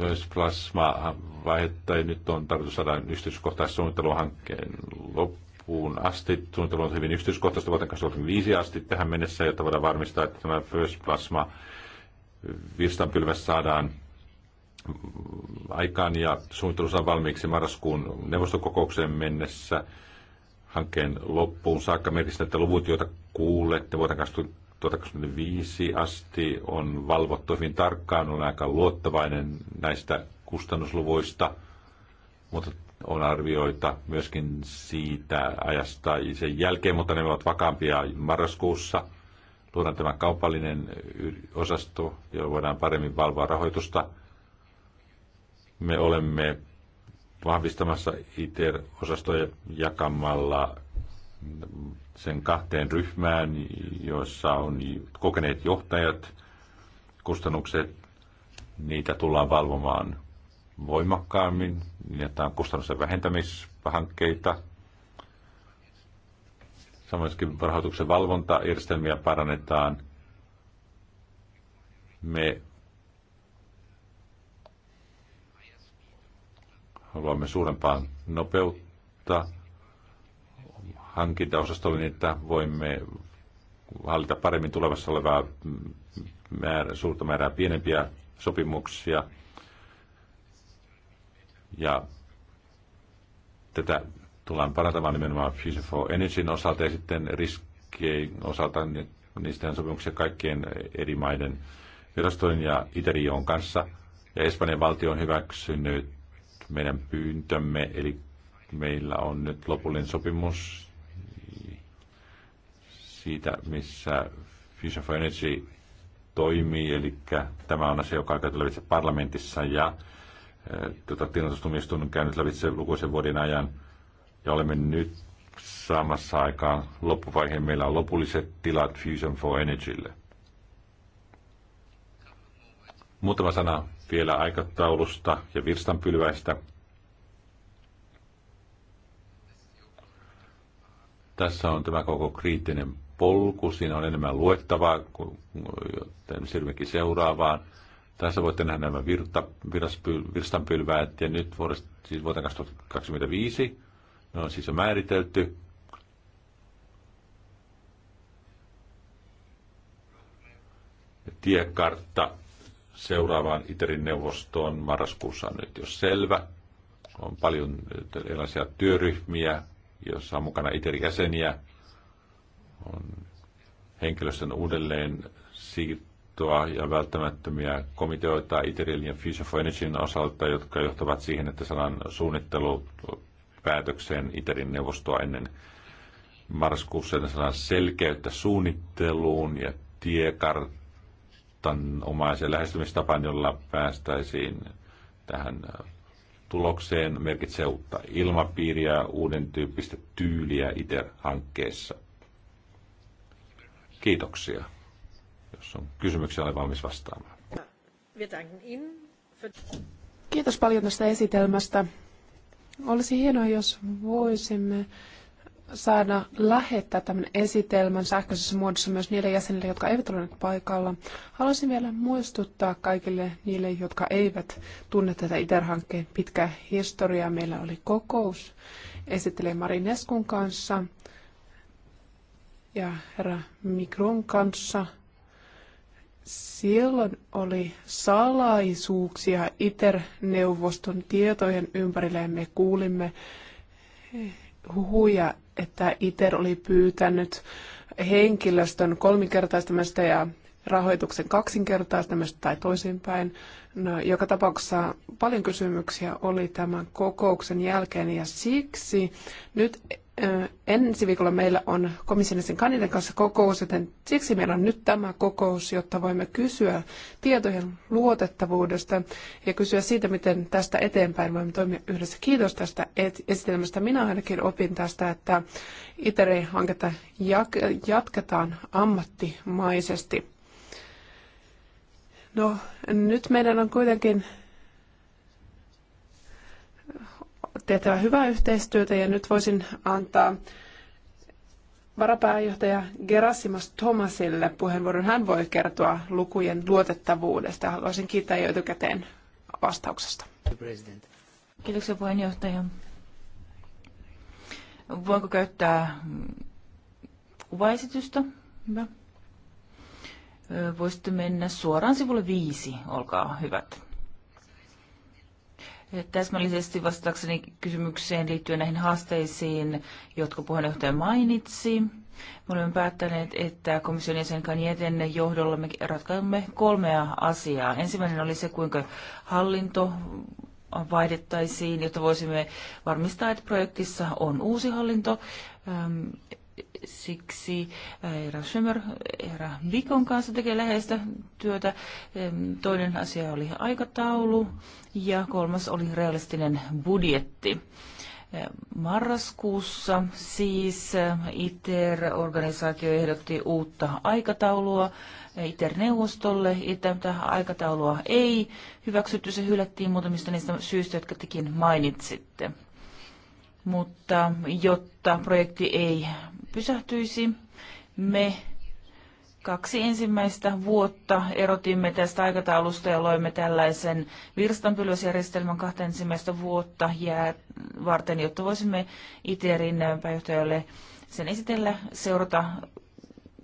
myös plasmavaihetta ja nyt on tarkoitus saada yksityiskohtaisen suunnitteluhankkeen loppuun asti. Suunnittelu on hyvin yksityiskohtaista vuoteen 2005 asti tähän mennessä, jotta voidaan varmistaa, että tämä First Plasma virstanpylväs saadaan aikaan ja suunnittelussa saa valmiiksi marraskuun neuvostokokoukseen mennessä hankkeen loppuun saakka merkistä, että luvut, joita kuulette vuoteen 2025 asti on valvottu hyvin tarkkaan, on aika luottavainen näistä kustannusluvuista, mutta on arvioita myöskin siitä ajasta sen jälkeen, mutta ne ovat vakaampia marraskuussa. Luodaan tämä kaupallinen osasto, jolla voidaan paremmin valvoa rahoitusta. Me olemme vahvistamassa ITER-osastoja jakamalla sen kahteen ryhmään, joissa on kokeneet johtajat, kustannukset, niitä tullaan valvomaan voimakkaammin, niin että on kustannusten vähentämishankkeita. Samoin rahoituksen valvontajärjestelmiä parannetaan. Me haluamme suurempaa nopeutta hankintaosastolle, niin että voimme hallita paremmin tulevassa olevaa määrä, suurta määrää pienempiä sopimuksia. Ja tätä tullaan parantamaan nimenomaan Fusion for Energyn osalta ja sitten riskien osalta niin niistä sopimuksia kaikkien eri maiden virastojen ja Iterion kanssa. Ja Espanjan valtio on hyväksynyt meidän pyyntömme, eli meillä on nyt lopullinen sopimus, siitä, missä Fusion for Energy toimii, eli tämä on asia, joka on käyty lävitse parlamentissa ja e, tuota, tilantustumistuin on käynyt lävitse lukuisen vuoden ajan ja olemme nyt saamassa aikaan loppuvaiheen. Meillä on lopulliset tilat Fusion for Energylle. Muutama sana vielä aikataulusta ja virstanpylväistä. Tässä on tämä koko kriittinen polku, siinä on enemmän luettavaa, joten siirrymmekin seuraavaan. Tässä voitte nähdä nämä virta, virstanpylväät ja nyt vuodesta, siis vuoteen 2025 ne on siis jo määritelty. Tiekartta seuraavaan ITERin neuvostoon marraskuussa on nyt jo selvä. On paljon erilaisia työryhmiä, joissa on mukana ITERin jäseniä on henkilöstön uudelleen siirtoa ja välttämättömiä komiteoita Iterilin ja Fusion for Energyn osalta, jotka johtavat siihen, että saadaan suunnittelu päätökseen Iterin neuvostoa ennen marraskuussa, että saadaan selkeyttä suunnitteluun ja tiekartan omaisen lähestymistapaan, jolla päästäisiin tähän tulokseen merkitsee uutta ilmapiiriä, uuden tyyppistä tyyliä ITER-hankkeessa. Kiitoksia. Jos on kysymyksiä, olen valmis vastaamaan. Kiitos paljon tästä esitelmästä. Olisi hienoa, jos voisimme saada lähettää tämän esitelmän sähköisessä muodossa myös niille jäsenille, jotka eivät ole nyt paikalla. Haluaisin vielä muistuttaa kaikille niille, jotka eivät tunne tätä ITER-hankkeen pitkää historiaa. Meillä oli kokous esittelee Marineskun kanssa ja herra Mikron kanssa. siellä oli salaisuuksia ITER-neuvoston tietojen ympärille me kuulimme huhuja, että ITER oli pyytänyt henkilöstön kolminkertaistamista ja rahoituksen kaksinkertaistamista tai toisinpäin. No, joka tapauksessa paljon kysymyksiä oli tämän kokouksen jälkeen ja siksi nyt Ensi viikolla meillä on komissionisen kandidan kanssa kokous, joten siksi meillä on nyt tämä kokous, jotta voimme kysyä tietojen luotettavuudesta ja kysyä siitä, miten tästä eteenpäin voimme toimia yhdessä. Kiitos tästä esitelmästä. Minä ainakin opin tästä, että ITERI-hanketta jatketaan ammattimaisesti. No, nyt meidän on kuitenkin tehtävä hyvää yhteistyötä ja nyt voisin antaa varapääjohtaja Gerasimas Thomasille puheenvuoron. Hän voi kertoa lukujen luotettavuudesta. Haluaisin kiittää jo etukäteen vastauksesta. Kiitoksia puheenjohtaja. Voinko käyttää kuvaesitystä? Hyvä. Voisitte mennä suoraan sivulle viisi, olkaa hyvät. Täsmällisesti vastaakseni kysymykseen liittyen näihin haasteisiin, jotka puheenjohtaja mainitsi. Me olemme päättäneet, että komission jäsen Kanjeten johdolla me ratkaisemme kolmea asiaa. Ensimmäinen oli se, kuinka hallinto vaihdettaisiin, jotta voisimme varmistaa, että projektissa on uusi hallinto. Siksi herra äh, Schömer, herra Vikon kanssa tekee läheistä työtä. Ähm, toinen asia oli aikataulu ja kolmas oli realistinen budjetti. Äh, marraskuussa siis äh, ITER-organisaatio ehdotti uutta aikataulua ITER-neuvostolle. Tätä aikataulua ei hyväksytty, se hylättiin muutamista niistä syistä, jotka tekin mainitsitte. Mutta jotta projekti ei pysähtyisi. Me kaksi ensimmäistä vuotta erotimme tästä aikataulusta ja loimme tällaisen virstanpylväsjärjestelmän kahta ensimmäistä vuotta jää varten, jotta voisimme ITERin pääjohtajalle sen esitellä, seurata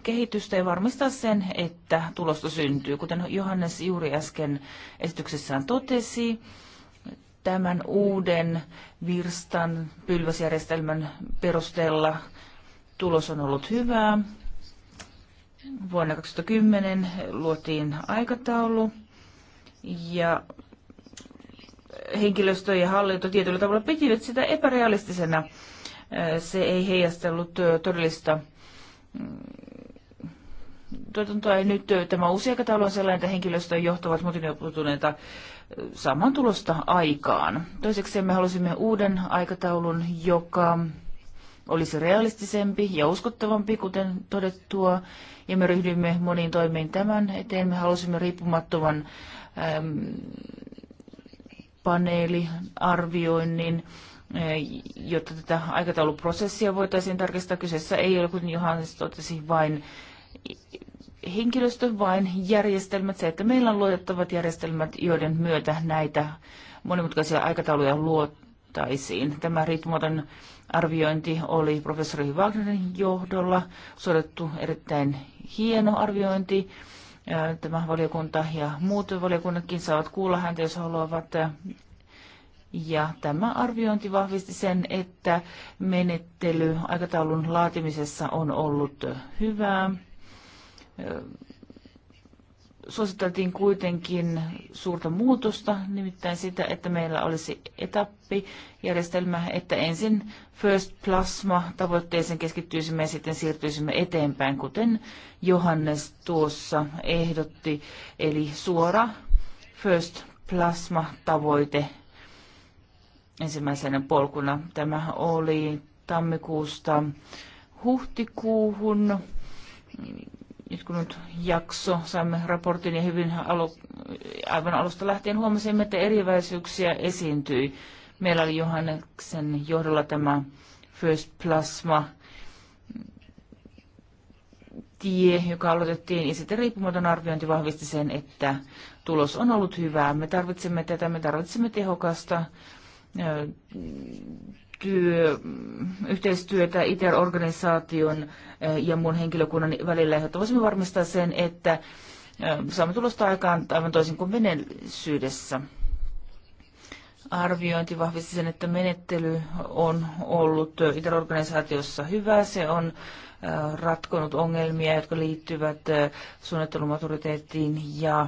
kehitystä ja varmistaa sen, että tulosta syntyy. Kuten Johannes juuri äsken esityksessään totesi, tämän uuden virstan pylväsjärjestelmän perusteella tulos on ollut hyvää. Vuonna 2010 luotiin aikataulu ja henkilöstö ja hallinto tietyllä tavalla pitivät sitä epärealistisena. Se ei heijastellut todellista mm, tuotantoa. Ja nyt tämä uusi aikataulu on sellainen, että henkilöstön johtavat motivoituneita saman tulosta aikaan. Toiseksi me halusimme uuden aikataulun, joka olisi realistisempi ja uskottavampi, kuten todettua, ja me ryhdyimme moniin toimiin tämän eteen. Me halusimme riippumattoman äm, paneeliarvioinnin, jotta tätä aikatauluprosessia voitaisiin tarkistaa. Kyseessä ei ole, kuten Johannes totesi, vain henkilöstö, vain järjestelmät, se, että meillä on luotettavat järjestelmät, joiden myötä näitä monimutkaisia aikatauluja luo, suodatettaisiin. Tämä riippumaton arviointi oli professori Wagnerin johdolla suodattu erittäin hieno arviointi. Tämä valiokunta ja muut valiokunnatkin saavat kuulla häntä, jos haluavat. Ja tämä arviointi vahvisti sen, että menettely aikataulun laatimisessa on ollut hyvää suositeltiin kuitenkin suurta muutosta, nimittäin sitä, että meillä olisi etappijärjestelmä, että ensin First Plasma tavoitteeseen keskittyisimme ja sitten siirtyisimme eteenpäin, kuten Johannes tuossa ehdotti, eli suora First Plasma tavoite ensimmäisenä polkuna. Tämä oli tammikuusta huhtikuuhun nyt jakso. Saimme raportin ja hyvin alu, aivan alusta lähtien huomasimme, että eriväisyyksiä esiintyi. Meillä oli Johanneksen johdolla tämä First Plasma tie, joka aloitettiin, ja sitten riippumaton arviointi vahvisti sen, että tulos on ollut hyvää. Me tarvitsemme tätä, me tarvitsemme tehokasta työ, mm, yhteistyötä ITER-organisaation eh, ja muun henkilökunnan välillä, jotta voisimme varmistaa sen, että eh, saamme tulosta aikaan aivan toisin kuin menellisyydessä. Arviointi vahvisti sen, että menettely on ollut eh, ITER-organisaatiossa hyvä. Se on ratkonut ongelmia, jotka liittyvät suunnittelumaturiteettiin ja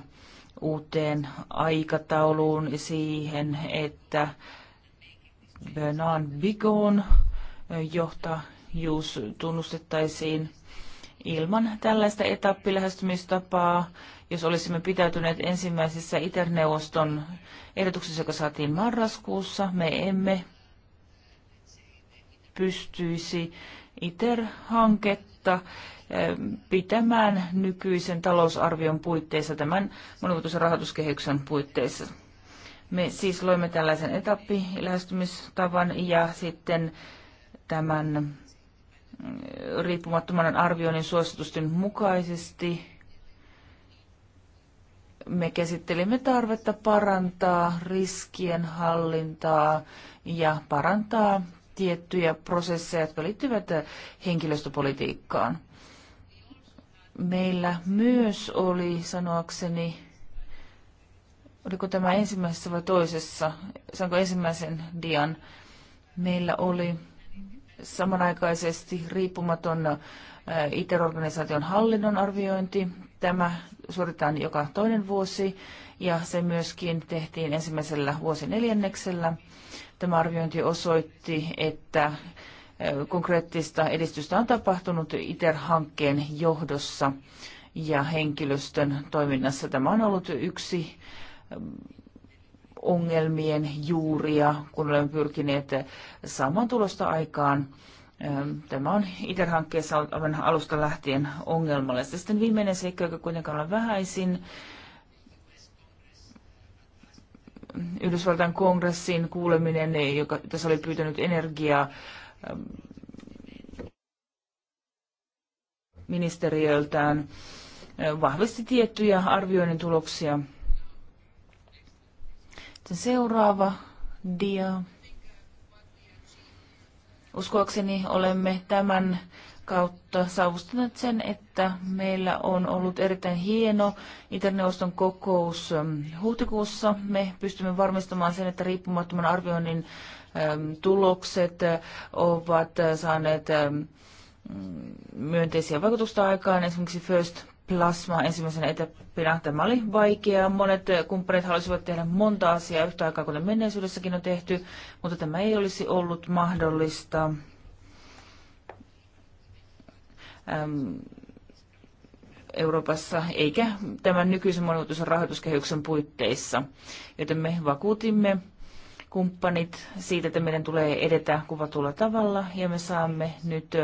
uuteen aikatauluun siihen, että Bernard Bigon johtajuus tunnustettaisiin ilman tällaista etappilähestymistapaa, jos olisimme pitäytyneet ensimmäisessä iterneuvoston ehdotuksessa, joka saatiin marraskuussa, me emme pystyisi ITER-hanketta pitämään nykyisen talousarvion puitteissa, tämän monivuotisen rahoituskehyksen puitteissa. Me siis loimme tällaisen etappilähestymistavan ja sitten tämän mm, riippumattoman arvioinnin suositusten mukaisesti me käsittelimme tarvetta parantaa riskien hallintaa ja parantaa tiettyjä prosesseja, jotka liittyvät henkilöstöpolitiikkaan. Meillä myös oli, sanoakseni, Oliko tämä ensimmäisessä vai toisessa? Saanko ensimmäisen dian? Meillä oli samanaikaisesti riippumaton ITER-organisaation hallinnon arviointi. Tämä suoritetaan joka toinen vuosi ja se myöskin tehtiin ensimmäisellä vuosineljänneksellä. Tämä arviointi osoitti, että konkreettista edistystä on tapahtunut ITER-hankkeen johdossa ja henkilöstön toiminnassa. Tämä on ollut yksi ongelmien juuria, kun olemme pyrkineet saamaan tulosta aikaan. Ehm, tämä on ITER-hankkeessa aivan alusta lähtien ongelmallista. Sitten viimeinen seikka, joka kuitenkaan on vähäisin, Yhdysvaltain kongressin kuuleminen, joka tässä oli pyytänyt energiaa ehm, ministeriöltään, eh, vahvisti tiettyjä arvioinnin tuloksia sitten seuraava dia. Uskoakseni olemme tämän kautta saavustaneet sen, että meillä on ollut erittäin hieno interneuvoston kokous ähm, huhtikuussa. Me pystymme varmistamaan sen, että riippumattoman arvioinnin ähm, tulokset äh, ovat äh, saaneet ähm, myönteisiä vaikutusta aikaan. Esimerkiksi First plasma ensimmäisenä etäpinä. Tämä oli vaikeaa. Monet kumppanit halusivat tehdä monta asiaa yhtä aikaa, kuten menneisyydessäkin on tehty, mutta tämä ei olisi ollut mahdollista. Ähm, Euroopassa eikä tämän nykyisen monimuotoisen rahoituskehyksen puitteissa. Joten me vakuutimme kumppanit siitä, että meidän tulee edetä kuvatulla tavalla ja me saamme nyt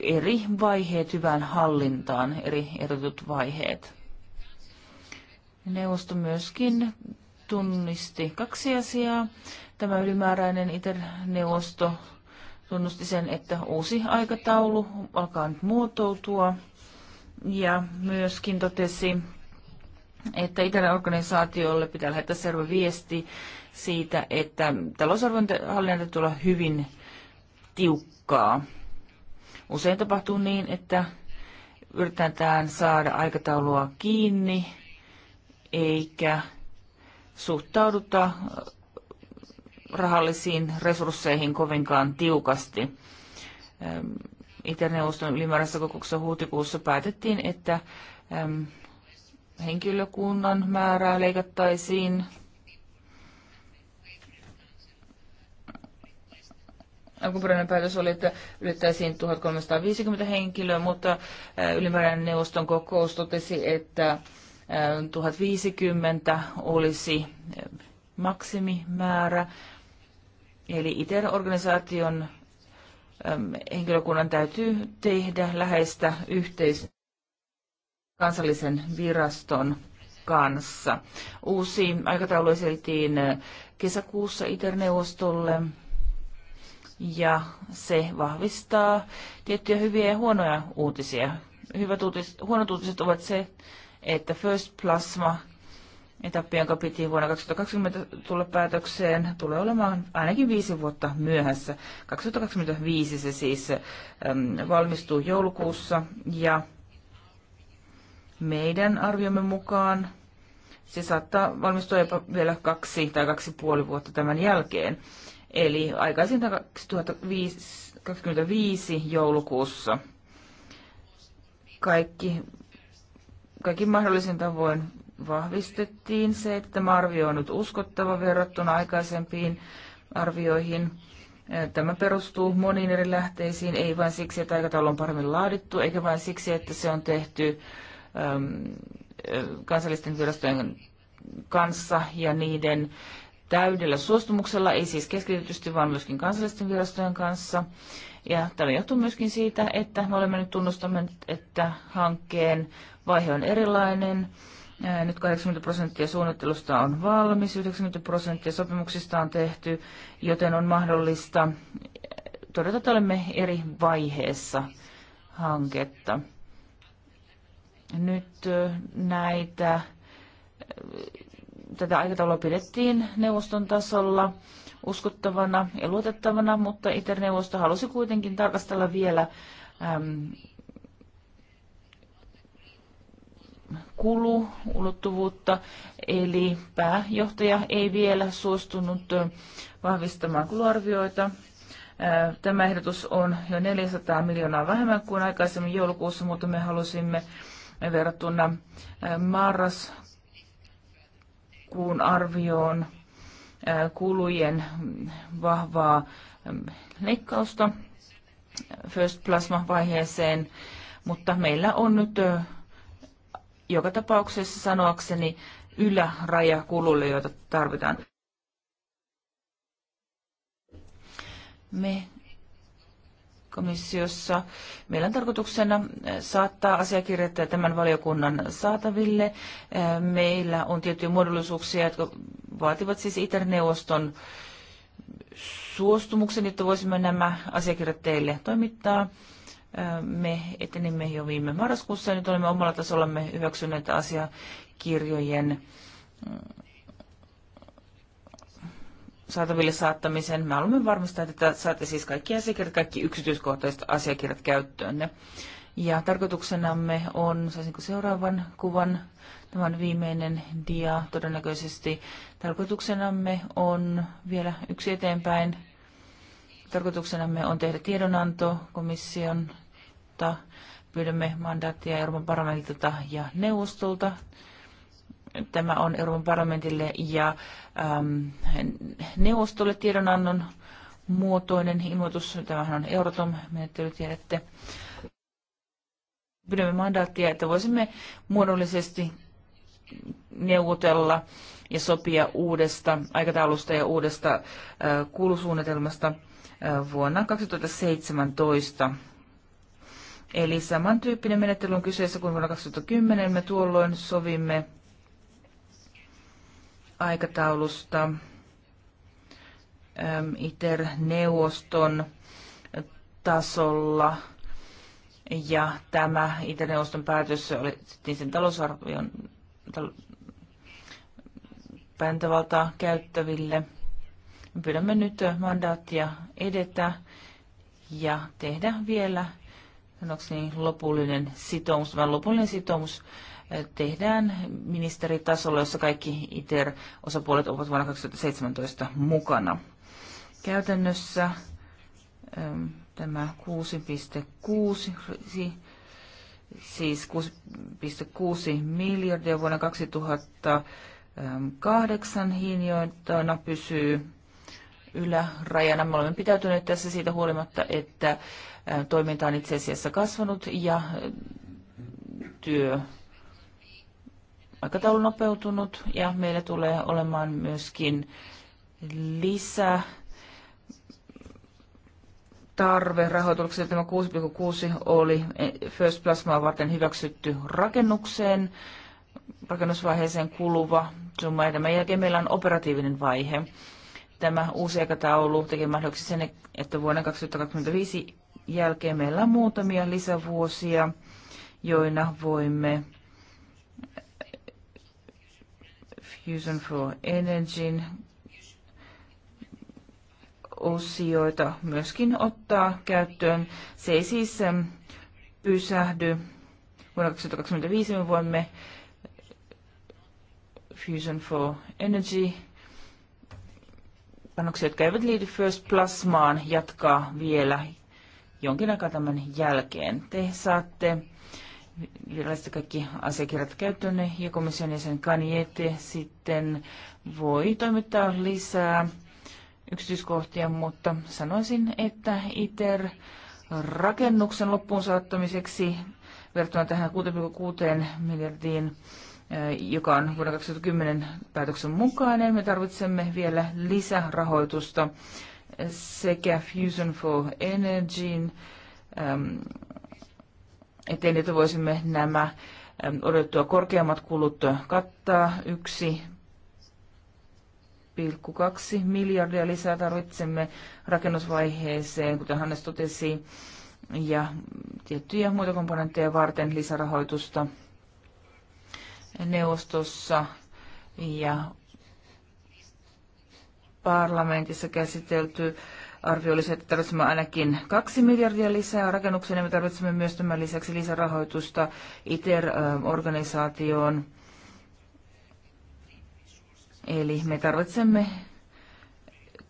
eri vaiheet hyvään hallintaan, eri erotut vaiheet. Neuvosto myöskin tunnisti kaksi asiaa. Tämä ylimääräinen ITER-neuvosto tunnusti sen, että uusi aikataulu alkaa nyt muotoutua ja myöskin totesi, että Itälän organisaatiolle pitää lähettää selvä viesti siitä, että talousarvon hallinta tulee hyvin tiukkaa. Usein tapahtuu niin, että yritetään saada aikataulua kiinni, eikä suhtauduta rahallisiin resursseihin kovinkaan tiukasti. Ehm, Itäneuvoston ylimääräisessä kokouksessa huhtikuussa päätettiin, että ehm, henkilökunnan määrää leikattaisiin alkuperäinen päätös oli, että ylittäisiin 1350 henkilöä, mutta ylimääräinen neuvoston kokous totesi, että 1050 olisi maksimimäärä. Eli ITER-organisaation henkilökunnan täytyy tehdä läheistä yhteistyötä kansallisen viraston kanssa. Uusi aikataulu esiteltiin kesäkuussa ITER-neuvostolle ja se vahvistaa tiettyjä hyviä ja huonoja uutisia. Hyvät uutiset, huonot uutiset ovat se, että First Plasma etappi, jonka piti vuonna 2020 tulla päätökseen, tulee olemaan ainakin viisi vuotta myöhässä. 2025 se siis äm, valmistuu joulukuussa ja meidän arviomme mukaan se saattaa valmistua jopa vielä kaksi tai kaksi puoli vuotta tämän jälkeen eli aikaisinta 2025 joulukuussa. Kaikki, kaikki mahdollisin tavoin vahvistettiin se, että tämä arvio on nyt uskottava verrattuna aikaisempiin arvioihin. Tämä perustuu moniin eri lähteisiin, ei vain siksi, että aikataulu on paremmin laadittu, eikä vain siksi, että se on tehty äm, kansallisten virastojen kanssa ja niiden täydellä suostumuksella, ei siis keskitetysti, vaan myöskin kansallisten virastojen kanssa. Ja tämä johtuu myöskin siitä, että me olemme nyt tunnustaneet, että hankkeen vaihe on erilainen. Nyt 80 prosenttia suunnittelusta on valmis, 90 prosenttia sopimuksista on tehty, joten on mahdollista todeta, että olemme eri vaiheessa hanketta. Nyt näitä tätä aikataulua pidettiin neuvoston tasolla uskottavana ja luotettavana, mutta ITER-neuvosto halusi kuitenkin tarkastella vielä äm, kuluulottuvuutta, eli pääjohtaja ei vielä suostunut vahvistamaan kuluarvioita. Tämä ehdotus on jo 400 miljoonaa vähemmän kuin aikaisemmin joulukuussa, mutta me halusimme verrattuna marras kuun arvioon kulujen vahvaa leikkausta First Plasma-vaiheeseen, mutta meillä on nyt joka tapauksessa sanoakseni yläraja kululle, joita tarvitaan. Me komissiossa. Meillä on tarkoituksena eh, saattaa asiakirjat tämän valiokunnan saataville. Eh, meillä on tiettyjä muodollisuuksia, jotka vaativat siis Itäneuvoston suostumuksen, jotta voisimme nämä asiakirjat teille toimittaa. Eh, me etenimme jo viime marraskuussa ja nyt olemme omalla tasollamme hyväksyneet asiakirjojen mm, saataville saattamisen. Me haluamme varmistaa, että saatte siis kaikki asiakirjat, kaikki yksityiskohtaiset asiakirjat käyttöönne. Ja tarkoituksenamme on, saisinko seuraavan kuvan, tämä on viimeinen dia todennäköisesti. Tarkoituksenamme on vielä yksi eteenpäin. Tarkoituksenamme on tehdä tiedonanto komission pyydämme mandaattia Euroopan parlamentilta ja neuvostolta Tämä on Euroopan parlamentille ja ähm, neuvostolle tiedonannon muotoinen ilmoitus. Tämähän on euroton menettely tiedätte. Pidämme mandaattia, että voisimme muodollisesti neuvotella ja sopia uudesta aikataulusta ja uudesta äh, kulusuunnitelmasta äh, vuonna 2017. Eli samantyyppinen menettely on kyseessä kuin vuonna 2010. Me tuolloin sovimme aikataulusta ITER-neuvoston tasolla. Ja tämä ITER-neuvoston päätös oli sitten sen talousarvion tal- pääntävaltaa käyttäville. Pyydämme nyt mandaattia edetä ja tehdä vielä sanokseni lopullinen sitoumus. Tämä lopullinen sitoumus tehdään ministeritasolla, jossa kaikki ITER-osapuolet ovat vuonna 2017 mukana. Käytännössä ähm, tämä 6,6 siis 6,6 miljardia vuonna 2008 hinjoittajana pysyy ylärajana. Me olemme pitäytyneet tässä siitä huolimatta, että äh, toiminta on itse asiassa kasvanut ja äh, työ aikataulu nopeutunut ja meillä tulee olemaan myöskin lisä tarve rahoitukselle. Tämä 6,6 oli First Plasmaa varten hyväksytty rakennukseen, rakennusvaiheeseen kuluva summa. Ja tämän jälkeen meillä on operatiivinen vaihe. Tämä uusi aikataulu tekee mahdolliseksi sen, että vuoden 2025 jälkeen meillä on muutamia lisävuosia, joina voimme Fusion for Energyn osioita myöskin ottaa käyttöön. Se ei siis ähm, pysähdy. Vuonna 2025 me voimme Fusion for Energy panoksia, jotka eivät liity First Plasmaan, jatkaa vielä jonkin aikaa tämän jälkeen. Te saatte virallisesti kaikki asiakirjat käyttöön ja komission jäsen Kaniete sitten voi toimittaa lisää yksityiskohtia, mutta sanoisin, että ITER rakennuksen loppuun saattamiseksi verrattuna tähän 6,6 miljardiin, eh, joka on vuoden 2010 päätöksen mukainen, me tarvitsemme vielä lisärahoitusta eh, sekä Fusion for Energyin eteen, että voisimme nämä odotettua korkeammat kulut kattaa. 1,2 miljardia lisää tarvitsemme rakennusvaiheeseen, kuten Hannes totesi, ja tiettyjä muita komponentteja varten lisärahoitusta neuvostossa ja parlamentissa käsitelty Arvio oli se, että tarvitsemme ainakin kaksi miljardia lisää rakennukseen ja me tarvitsemme myös tämän lisäksi lisärahoitusta ITER-organisaatioon. Eli me tarvitsemme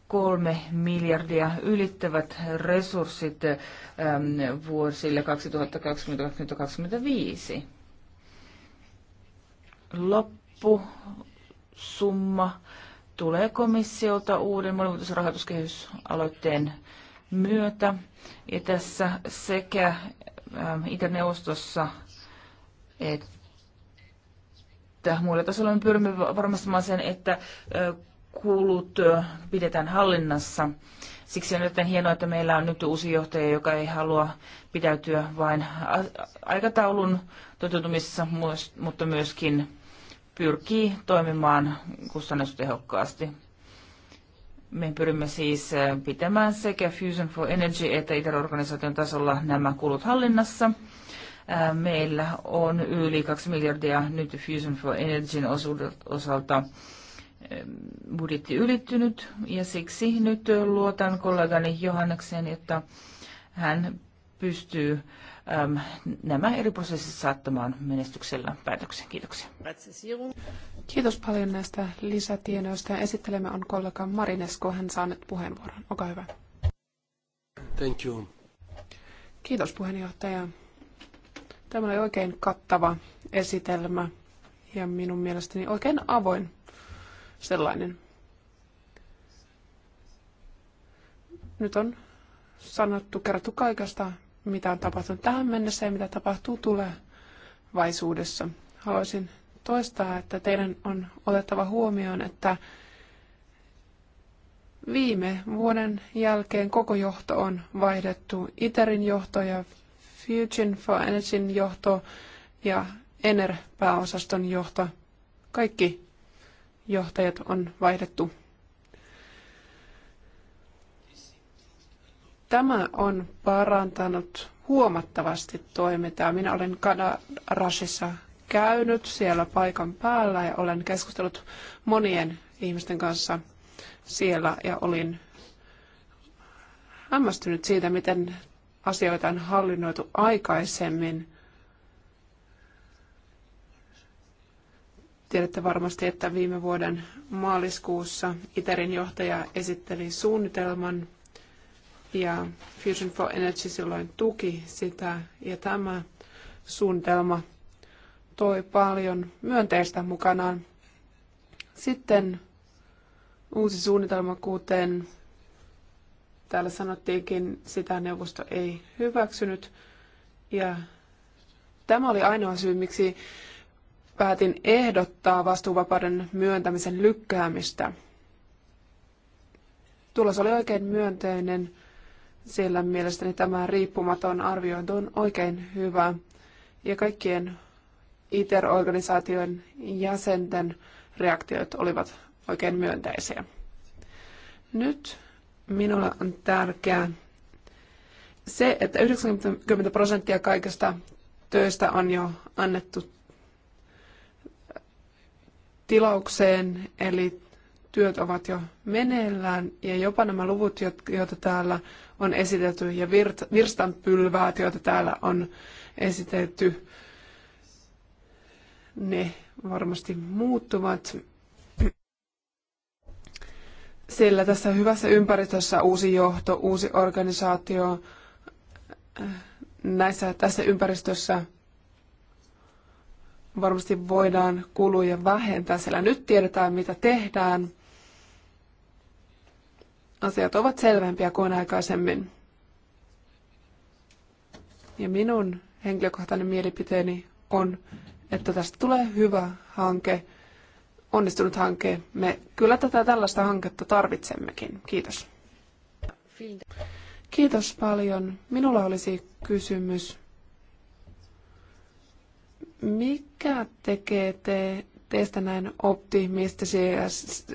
kolme miljardia ylittävät resurssit ähm, vuosille 2020-2025. Loppusumma tulee komissiolta uuden monimuotoisen myötä. Ja tässä sekä ähm, Itäneuvostossa että muilla tasolla me pyrimme varmistamaan sen, että äh, kulut äh, pidetään hallinnassa. Siksi on erittäin hienoa, että meillä on nyt uusi johtaja, joka ei halua pitäytyä vain aikataulun toteutumisessa, mutta myöskin pyrkii toimimaan kustannustehokkaasti. Me pyrimme siis eh, pitämään sekä Fusion for Energy että itäorganisaation tasolla nämä kulut hallinnassa. Eh, meillä on yli 2 miljardia nyt Fusion for Energyn osalta eh, budjetti ylittynyt ja siksi nyt luotan kollegani Johanneksen, että hän pystyy nämä eri prosessit saattamaan menestyksellä päätöksen. Kiitoksia. Kiitos paljon näistä lisätienoista. Esittelemme on kollega Marinesko. Hän saa nyt puheenvuoron. Olkaa hyvä. Thank you. Kiitos puheenjohtaja. Tämä oli oikein kattava esitelmä ja minun mielestäni oikein avoin sellainen. Nyt on sanottu, kerrottu kaikesta, mitä on tapahtunut tähän mennessä ja mitä tapahtuu tulevaisuudessa. Haluaisin toistaa, että teidän on otettava huomioon, että viime vuoden jälkeen koko johto on vaihdettu. ITERin johto ja Fusion for Energyn johto ja ENER-pääosaston johto. Kaikki johtajat on vaihdettu Tämä on parantanut huomattavasti toimintaa. Minä olen Kadarashissa käynyt siellä paikan päällä ja olen keskustellut monien ihmisten kanssa siellä ja olin hämmästynyt siitä, miten asioita on hallinnoitu aikaisemmin. Tiedätte varmasti, että viime vuoden maaliskuussa ITERin johtaja esitteli suunnitelman ja Fusion for Energy silloin tuki sitä ja tämä suunnitelma toi paljon myönteistä mukanaan. Sitten uusi suunnitelma, kuten täällä sanottiinkin, sitä neuvosto ei hyväksynyt. Ja tämä oli ainoa syy, miksi päätin ehdottaa vastuuvapauden myöntämisen lykkäämistä. Tulos oli oikein myönteinen siellä mielestäni tämä riippumaton arviointi on oikein hyvä ja kaikkien ITER-organisaation jäsenten reaktiot olivat oikein myönteisiä. Nyt minulla on tärkeää se, että 90 prosenttia kaikesta töistä on jo annettu tilaukseen, eli työt ovat jo meneillään, ja jopa nämä luvut, joita täällä on esitetty ja virstanpylväät, joita täällä on esitetty, ne varmasti muuttuvat. Sillä tässä hyvässä ympäristössä uusi johto, uusi organisaatio, näissä, tässä ympäristössä varmasti voidaan kuluja vähentää, sillä nyt tiedetään, mitä tehdään – asiat ovat selvempiä kuin aikaisemmin. Ja minun henkilökohtainen mielipiteeni on, että tästä tulee hyvä hanke, onnistunut hanke. Me kyllä tätä tällaista hanketta tarvitsemmekin. Kiitos. Kiitos paljon. Minulla olisi kysymys. Mikä tekee te teistä näin optimistisia,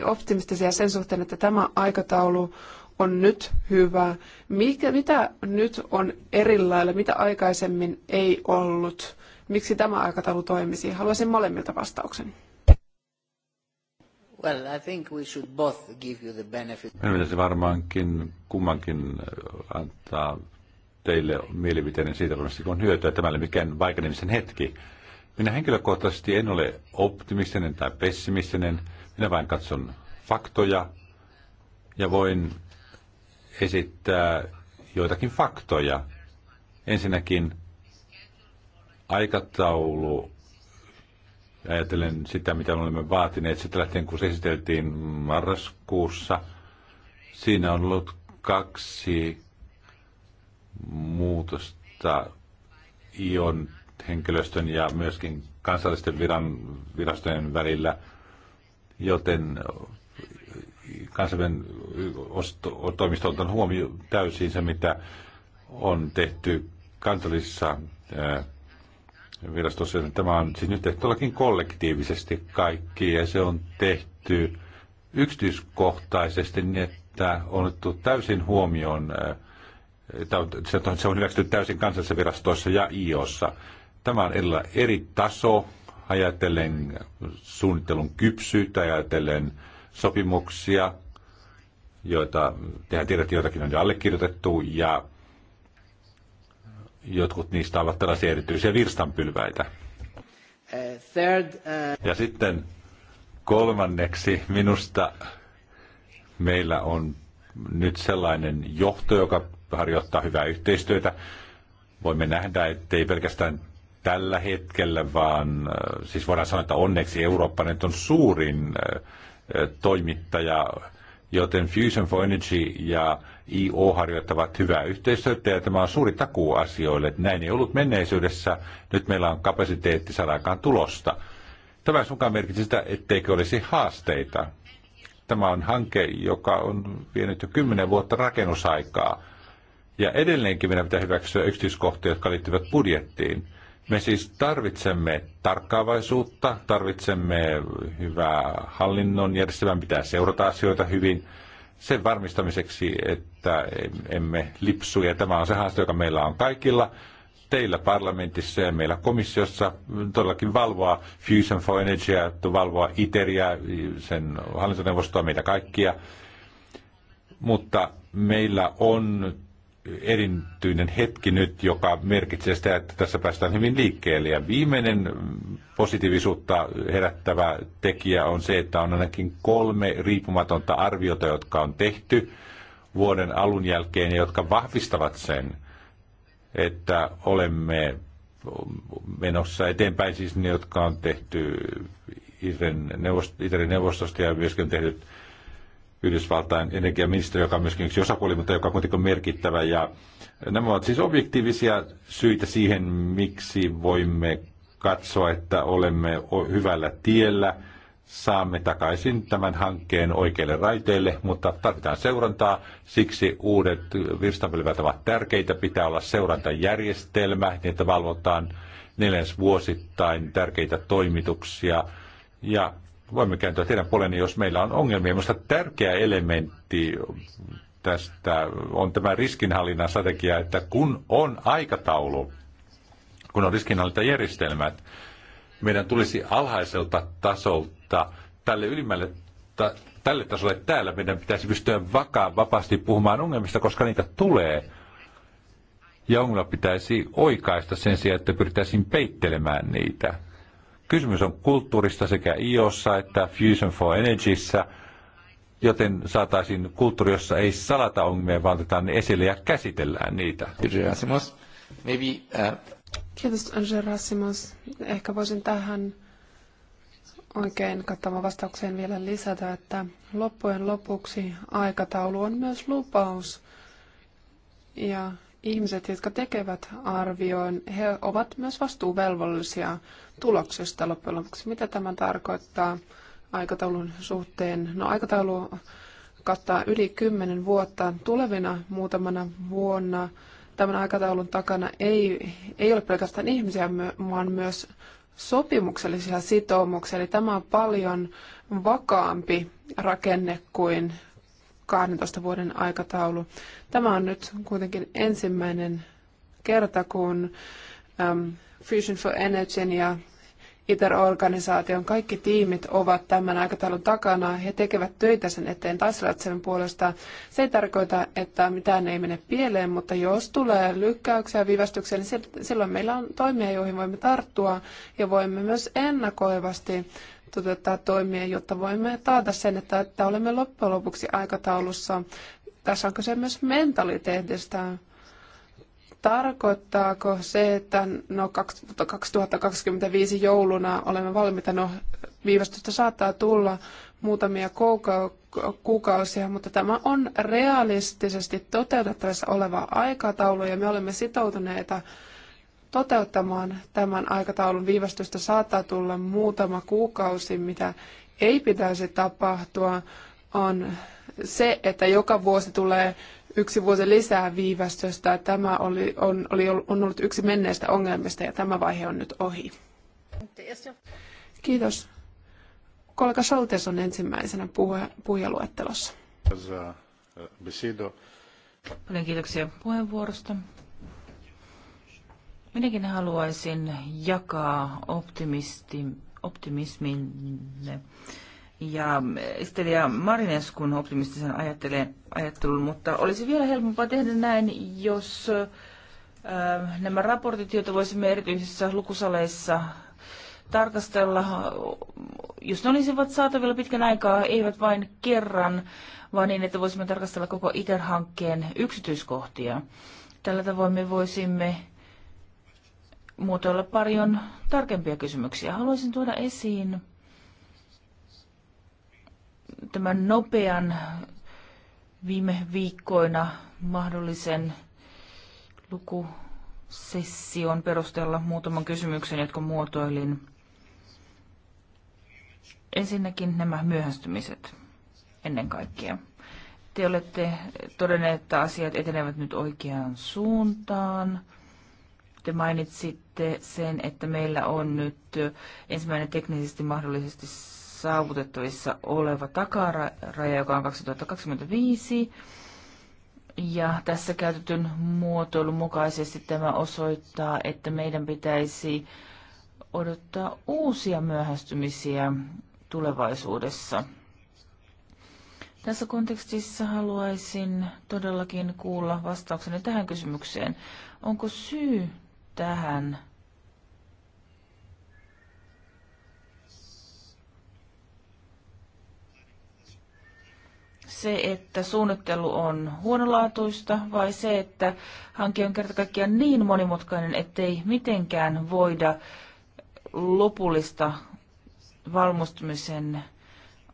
optimistisia sen suhteen, että tämä aikataulu on nyt hyvä. Mikä, mitä nyt on erilailla, mitä aikaisemmin ei ollut? Miksi tämä aikataulu toimisi? Haluaisin molemmilta vastauksen. Well, I think we should both give you the benefit. pitäisi varmaankin kummankin äh, antaa teille mielipiteinen siitä, varmasti on hyötyä. Tämä ei ole mikään vaikenemisen hetki. Minä henkilökohtaisesti en ole optimistinen tai pessimistinen. Minä vain katson faktoja ja voin esittää joitakin faktoja. Ensinnäkin aikataulu, Ajattelen sitä, mitä olemme vaatineet sitä lähtien, kun se esiteltiin marraskuussa. Siinä on ollut kaksi muutosta, ion henkilöstön ja myöskin kansallisten viran, virastojen välillä, joten kansainvälinen toimisto on huomioon täysin se, mitä on tehty kansallisissa virastossa. Tämä on siis nyt tehty kollektiivisesti kaikki ja se on tehty yksityiskohtaisesti niin, että on otettu täysin huomioon se on hyväksytty täysin kansallisissa virastoissa ja IOssa. Tämä on eri taso, ajatellen suunnittelun kypsyyttä, ajatellen sopimuksia, joita, tehän tiedät, joitakin on jo allekirjoitettu, ja jotkut niistä ovat tällaisia erityisiä virstanpylväitä. Uh, ja sitten kolmanneksi minusta meillä on nyt sellainen johto, joka harjoittaa hyvää yhteistyötä. Voimme nähdä, ettei pelkästään tällä hetkellä, vaan äh, siis voidaan sanoa, että onneksi Eurooppa nyt on suurin äh, äh, toimittaja, joten Fusion for Energy ja IO harjoittavat hyvää yhteistyötä ja tämä on suuri takuu asioille. Näin ei ollut menneisyydessä, nyt meillä on kapasiteetti saada aikaan tulosta. Tämä sunkaan merkitsi sitä, etteikö olisi haasteita. Tämä on hanke, joka on vienyt jo kymmenen vuotta rakennusaikaa. Ja edelleenkin meidän pitää hyväksyä yksityiskohtia, jotka liittyvät budjettiin. Me siis tarvitsemme tarkkaavaisuutta, tarvitsemme hyvää hallinnon järjestelmää, pitää seurata asioita hyvin sen varmistamiseksi, että emme lipsu. Ja tämä on se haaste, joka meillä on kaikilla teillä parlamentissa ja meillä komissiossa todellakin valvoa Fusion for Energya, valvoa ITERiä, sen hallintoneuvostoa, meitä kaikkia. Mutta meillä on erityinen hetki nyt, joka merkitsee sitä, että tässä päästään hyvin liikkeelle. Ja viimeinen positiivisuutta herättävä tekijä on se, että on ainakin kolme riippumatonta arviota, jotka on tehty vuoden alun jälkeen ja jotka vahvistavat sen, että olemme menossa eteenpäin, siis ne, jotka on tehty Itärin neuvostosta ja myöskin tehdyt Yhdysvaltain energiaministeri, joka on myöskin yksi osapuoli, mutta joka on kuitenkin merkittävä. Ja nämä ovat siis objektiivisia syitä siihen, miksi voimme katsoa, että olemme hyvällä tiellä, saamme takaisin tämän hankkeen oikeille raiteille, mutta tarvitaan seurantaa. Siksi uudet virstanpölyvät ovat tärkeitä. Pitää olla seurantajärjestelmä, niin että valvotaan neljäs vuosittain tärkeitä toimituksia. Ja voimme kääntyä teidän puolenne, jos meillä on ongelmia. Minusta tärkeä elementti tästä on tämä riskinhallinnan strategia, että kun on aikataulu, kun on riskinhallintajärjestelmät, meidän tulisi alhaiselta tasolta tälle ylimmälle ta- tälle tasolle täällä meidän pitäisi pystyä vakaan vapaasti puhumaan ongelmista, koska niitä tulee. Ja ongelma pitäisi oikaista sen sijaan, että pyritäisiin peittelemään niitä. Kysymys on kulttuurista sekä IOssa että Fusion for Energyssä, joten saataisiin kulttuuri, jossa ei salata ongelmia, vaan otetaan ne esille ja käsitellään niitä. Uh, Kiitos, Angel uh... Ehkä voisin tähän oikein kattavan vastaukseen vielä lisätä, että loppujen lopuksi aikataulu on myös lupaus. Ja ihmiset, jotka tekevät arvioon, he ovat myös vastuuvelvollisia tuloksesta loppujen lopuksi. Mitä tämä tarkoittaa aikataulun suhteen? No aikataulu kattaa yli kymmenen vuotta. Tulevina muutamana vuonna tämän aikataulun takana ei, ei ole pelkästään ihmisiä, vaan myös sopimuksellisia sitoumuksia. Eli tämä on paljon vakaampi rakenne kuin 12 vuoden aikataulu. Tämä on nyt kuitenkin ensimmäinen kerta, kun um, Fusion for Energy ja ITER-organisaation kaikki tiimit ovat tämän aikataulun takana. He tekevät töitä sen eteen, taistelevat puolesta. Se ei tarkoita, että mitään ei mene pieleen, mutta jos tulee lykkäyksiä ja viivästyksiä, niin silloin meillä on toimia, joihin voimme tarttua ja voimme myös ennakoivasti toteuttaa toimia, jotta voimme taata sen, että, että olemme loppujen lopuksi aikataulussa. Tässä on kyse myös mentaliteetistä. Tarkoittaako se, että no 2025 jouluna olemme valmiita, no viivästystä saattaa tulla muutamia kuukausia, mutta tämä on realistisesti toteutettavissa oleva aikataulu ja me olemme sitoutuneita toteuttamaan tämän aikataulun viivästystä. Saattaa tulla muutama kuukausi, mitä ei pitäisi tapahtua, on se, että joka vuosi tulee yksi vuosi lisää viivästystä. Tämä oli, on, oli, on ollut yksi menneistä ongelmista ja tämä vaihe on nyt ohi. Kiitos. Kollega Soltes on ensimmäisenä puhe, puhujaluettelossa. Eh, Paljon kiitoksia puheenvuorosta. Minäkin haluaisin jakaa optimisti, optimismin ja Estelia Marineskun optimistisen ajattelun, mutta olisi vielä helpompaa tehdä näin, jos äh, nämä raportit, joita voisimme erityisissä lukusaleissa tarkastella, jos ne olisivat saatavilla pitkän aikaa, eivät vain kerran, vaan niin, että voisimme tarkastella koko ITER-hankkeen yksityiskohtia. Tällä tavoin me voisimme muotoilla paljon tarkempia kysymyksiä. Haluaisin tuoda esiin tämän nopean viime viikkoina mahdollisen lukusession perusteella muutaman kysymyksen, jotka muotoilin. Ensinnäkin nämä myöhästymiset ennen kaikkea. Te olette todenneet, että asiat etenevät nyt oikeaan suuntaan. Te mainitsit näette sen, että meillä on nyt ensimmäinen teknisesti mahdollisesti saavutettavissa oleva takaraja, joka on 2025. Ja tässä käytetyn muotoilun mukaisesti tämä osoittaa, että meidän pitäisi odottaa uusia myöhästymisiä tulevaisuudessa. Tässä kontekstissa haluaisin todellakin kuulla vastaukseni tähän kysymykseen. Onko syy tähän. Se, että suunnittelu on huonolaatuista vai se, että hanke on kerta kaikkiaan niin monimutkainen, ettei mitenkään voida lopullista valmistumisen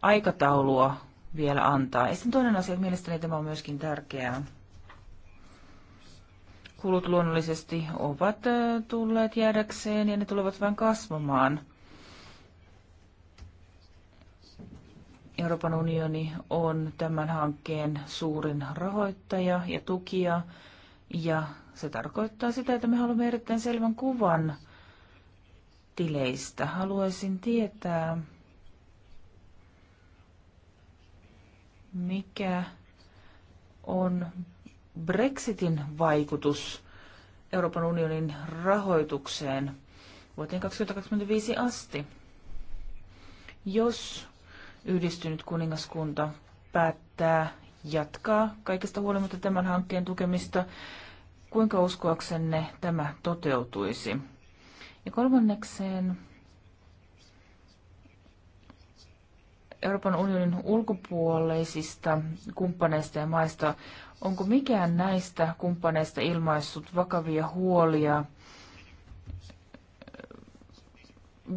aikataulua vielä antaa. Ja sitten toinen asia, mielestäni tämä on myöskin tärkeää kulut luonnollisesti ovat tulleet jäädäkseen ja ne tulevat vain kasvamaan. Euroopan unioni on tämän hankkeen suurin rahoittaja ja tukija, ja se tarkoittaa sitä, että me haluamme erittäin selvän kuvan tileistä. Haluaisin tietää, mikä on Brexitin vaikutus Euroopan unionin rahoitukseen vuoteen 2025 asti. Jos yhdistynyt kuningaskunta päättää jatkaa kaikesta huolimatta tämän hankkeen tukemista, kuinka uskoaksenne tämä toteutuisi? Ja kolmannekseen, Euroopan unionin ulkopuoleisista kumppaneista ja maista, onko mikään näistä kumppaneista ilmaissut vakavia huolia äh,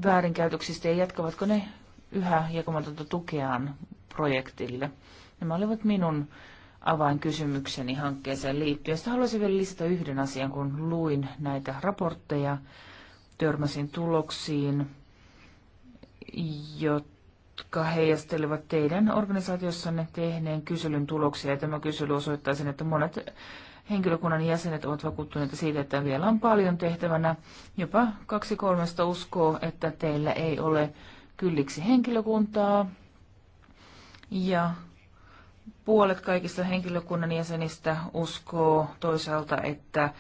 väärinkäytöksistä ja jatkavatko ne yhä jakamatonta tukeaan projektille? Nämä olivat minun avainkysymykseni hankkeeseen liittyen. Sitä haluaisin vielä lisätä yhden asian, kun luin näitä raportteja, törmäsin tuloksiin, jotka jotka heijastelevat teidän organisaatiossanne tehneen kyselyn tuloksia. Ja tämä kysely osoittaa sen, että monet henkilökunnan jäsenet ovat vakuuttuneita siitä, että vielä on paljon tehtävänä. Jopa kaksi kolmesta uskoo, että teillä ei ole kylliksi henkilökuntaa. Ja puolet kaikista henkilökunnan jäsenistä uskoo toisaalta, että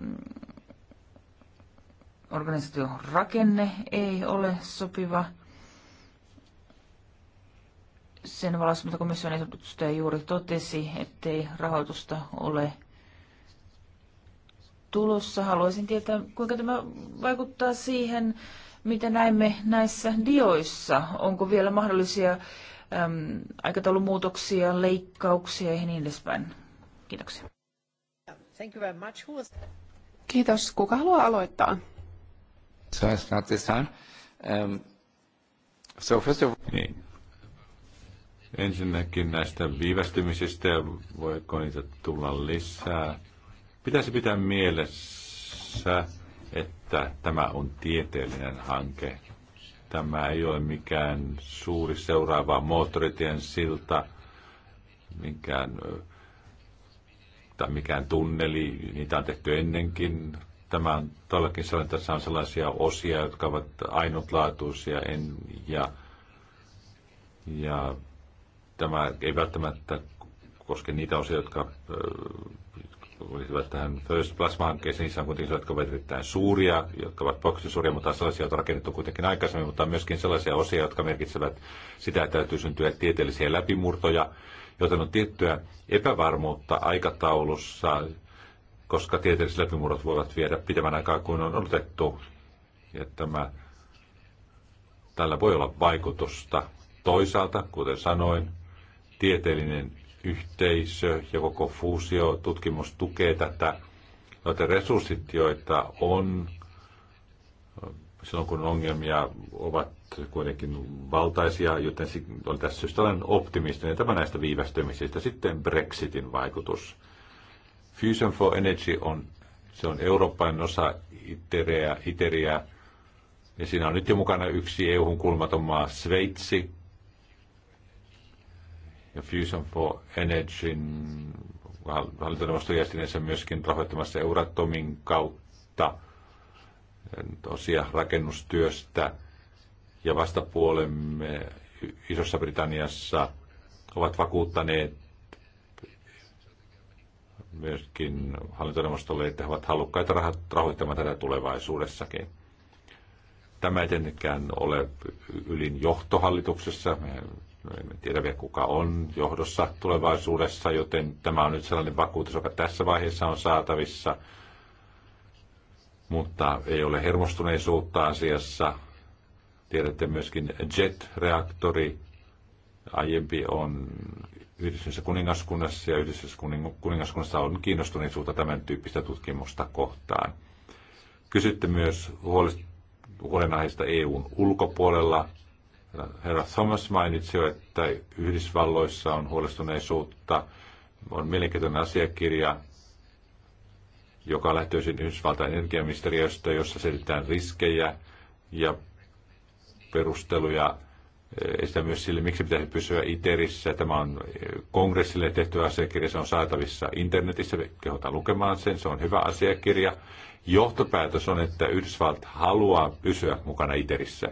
mm, organisaation rakenne ei ole sopiva – sen valossa, mitä komission esityksestä juuri totesi, ettei rahoitusta ole tulossa. Haluaisin tietää, kuinka tämä vaikuttaa siihen, mitä näemme näissä dioissa. Onko vielä mahdollisia äm, aikataulumuutoksia, leikkauksia ja niin edespäin? Kiitoksia. Thank you very much. Was... Kiitos. Kuka haluaa aloittaa? So it's not this time. Um, so first of all... Niin. Ensinnäkin näistä viivästymisistä ja voiko niitä tulla lisää. Pitäisi pitää mielessä, että tämä on tieteellinen hanke. Tämä ei ole mikään suuri seuraava moottoritien silta, mikään, tai mikään tunneli. Niitä on tehty ennenkin. Tämä on todellakin sellainen, tässä on sellaisia osia, jotka ovat ainutlaatuisia en, ja, ja Tämä ei välttämättä koske niitä osia, jotka äh, olisivat tähän First Plasma-hankkeeseen, niissä on kuitenkin jotka ovat erittäin suuria, jotka ovat boxin suuria, mutta sellaisia, on rakennettu kuitenkin aikaisemmin, mutta on myöskin sellaisia osia, jotka merkitsevät sitä, että täytyy syntyä tieteellisiä läpimurtoja, joten on tiettyä epävarmuutta aikataulussa, koska tieteelliset läpimurrot voivat viedä pitemmän aikaa kuin on odotettu. Ja tämä, tällä voi olla vaikutusta. Toisaalta, kuten sanoin, tieteellinen yhteisö ja koko fuusiotutkimus tukee tätä. Noita resurssit, joita on silloin, kun ongelmia ovat kuitenkin valtaisia, joten on tässä syystä olen optimistinen tämä näistä viivästymisistä. Sitten Brexitin vaikutus. Fusion for Energy on, se on Euroopan osa Iteriä, Iteriä ja siinä on nyt jo mukana yksi EU-hun kulmaton maa, Sveitsi, ja Fusion for Energyn hallintoneuvoston jäsenensä myöskin rahoittamassa Euratomin kautta eh, osia rakennustyöstä. Ja vastapuolemme Isossa Britanniassa ovat vakuuttaneet myöskin hallintoneuvostolle, että he ovat halukkaita rahoittamaan tätä tulevaisuudessakin. Tämä ei tietenkään ole ylin johtohallituksessa. No emme tiedä vielä, kuka on johdossa tulevaisuudessa, joten tämä on nyt sellainen vakuutus, joka tässä vaiheessa on saatavissa. Mutta ei ole hermostuneisuutta asiassa. Tiedätte myöskin JET-reaktori. Aiempi on Yhdistyneessä kuningaskunnassa ja Yhdistyneessä kuningaskunnassa on kiinnostuneisuutta tämän tyyppistä tutkimusta kohtaan. Kysytte myös huolenaiheista EUn ulkopuolella. Herra Thomas mainitsi jo, että Yhdysvalloissa on huolestuneisuutta. On mielenkiintoinen asiakirja, joka lähtee sinne Yhdysvaltain energiaministeriöstä, jossa selitetään riskejä ja perusteluja sitä myös sille, miksi pitäisi pysyä ITERissä. Tämä on kongressille tehty asiakirja, se on saatavissa internetissä, kehotan lukemaan sen, se on hyvä asiakirja. Johtopäätös on, että Yhdysvallat haluaa pysyä mukana ITERissä.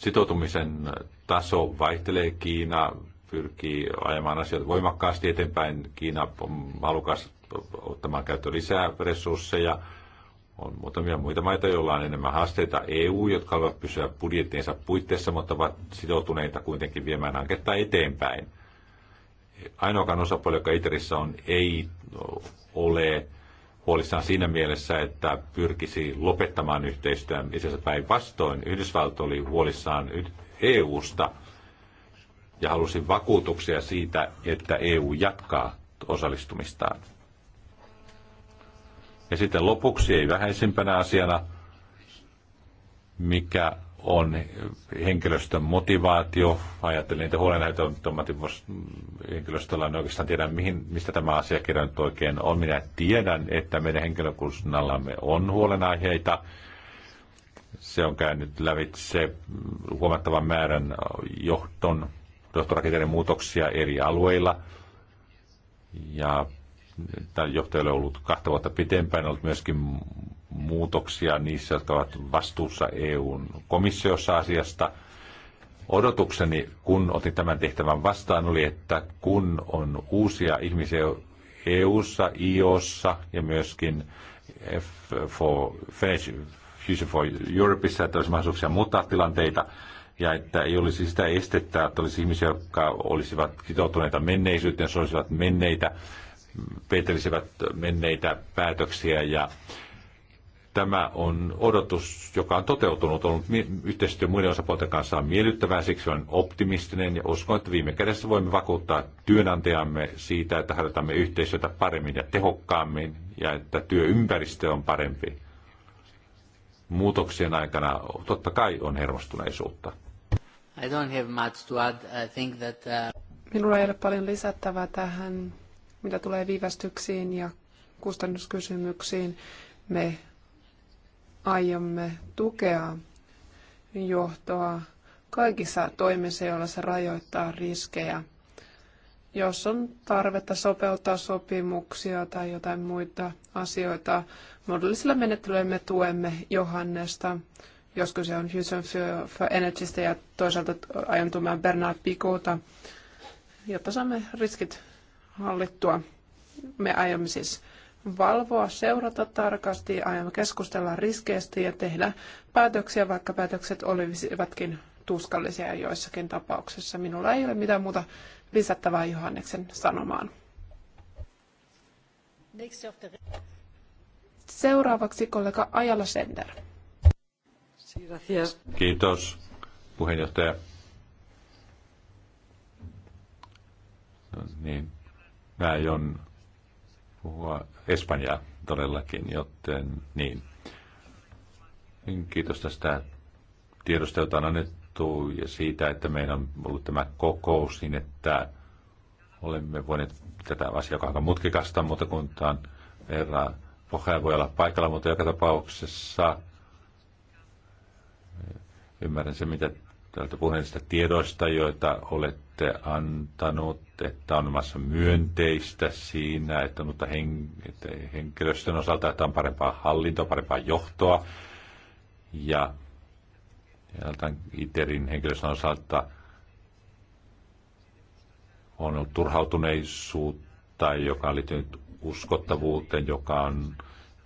Sitoutumisen taso vaihtelee. Kiina pyrkii ajamaan asioita voimakkaasti eteenpäin. Kiina on halukas ottamaan käyttöön lisää resursseja. On muutamia muita maita, joilla on enemmän haasteita EU, jotka haluavat pysyä budjettiinsa puitteissa, mutta ovat sitoutuneita kuitenkin viemään hanketta eteenpäin. Ainoakaan osapuoli, joka Iterissä on, ei ole huolissaan siinä mielessä, että pyrkisi lopettamaan yhteistyön. Itse asiassa päinvastoin Yhdysvalto oli huolissaan EUsta ja halusi vakuutuksia siitä, että EU jatkaa osallistumistaan. Ja sitten lopuksi ei vähäisimpänä asiana, mikä on henkilöstön motivaatio. Ajattelin niitä huolenaiheita, mutta henkilöstöllä en oikeastaan tiedä, mihin, mistä tämä asiakirja nyt oikein on. Minä tiedän, että meidän henkilökunnallamme on huolenaiheita. Se on käynyt lävitse huomattavan määrän johton, johtorakenteiden muutoksia eri alueilla. Ja johtaja on ollut kahta vuotta pitempään, on ollut myöskin muutoksia niissä, jotka ovat vastuussa EUn komissiossa asiasta. Odotukseni, kun otin tämän tehtävän vastaan, oli, että kun on uusia ihmisiä EUssa, IOssa ja myöskin F for, Finnish for Europeissa, että olisi mahdollisuuksia muuttaa tilanteita, ja että ei olisi sitä estettä, että olisi ihmisiä, jotka olisivat sitoutuneita menneisyyteen, se olisivat menneitä, petelisivät menneitä päätöksiä ja Tämä on odotus, joka on toteutunut, on ollut yhteistyö muiden osapuolten kanssa on miellyttävää, siksi olen optimistinen ja uskon, että viime kädessä voimme vakuuttaa työnantajamme siitä, että harjoitamme yhteistyötä paremmin ja tehokkaammin ja että työympäristö on parempi. Muutoksien aikana totta kai on hermostuneisuutta. I don't have much to add. I think that, uh... Minulla ei ole paljon lisättävää tähän, mitä tulee viivästyksiin ja kustannuskysymyksiin. Me aiomme tukea johtoa kaikissa toimissa, joilla se rajoittaa riskejä. Jos on tarvetta sopeuttaa sopimuksia tai jotain muita asioita. muodollisilla menettelyillä me tuemme Johannesta. Joskus se on Fusion for Energystä ja toisaalta ajantumaan Bernard Picota, jotta saamme riskit hallittua. Me aiomme siis valvoa, seurata tarkasti, aiomme keskustella riskeistä ja tehdä päätöksiä, vaikka päätökset olisivatkin tuskallisia joissakin tapauksissa. Minulla ei ole mitään muuta lisättävää Johanneksen sanomaan. Seuraavaksi kollega Ajala Sender. Kiitos puheenjohtaja. No, niin, näin on puhua Espanjaa todellakin, joten niin. niin. Kiitos tästä tiedosta, jota on annettu ja siitä, että meillä on ollut tämä kokous niin, että olemme voineet tätä asiaa, aika mutkikasta, mutta kun tämä on herra Pohja voi olla paikalla, mutta joka tapauksessa eh, ymmärrän se, mitä tältä puheenjohtajista tiedoista, joita olette antanut, että on olemassa myönteistä siinä, että, mutta hen, että henkilöstön osalta, että on parempaa hallintoa, parempaa johtoa. Ja, ja ITERin henkilöstön osalta on ollut turhautuneisuutta, joka on liittynyt uskottavuuteen, joka on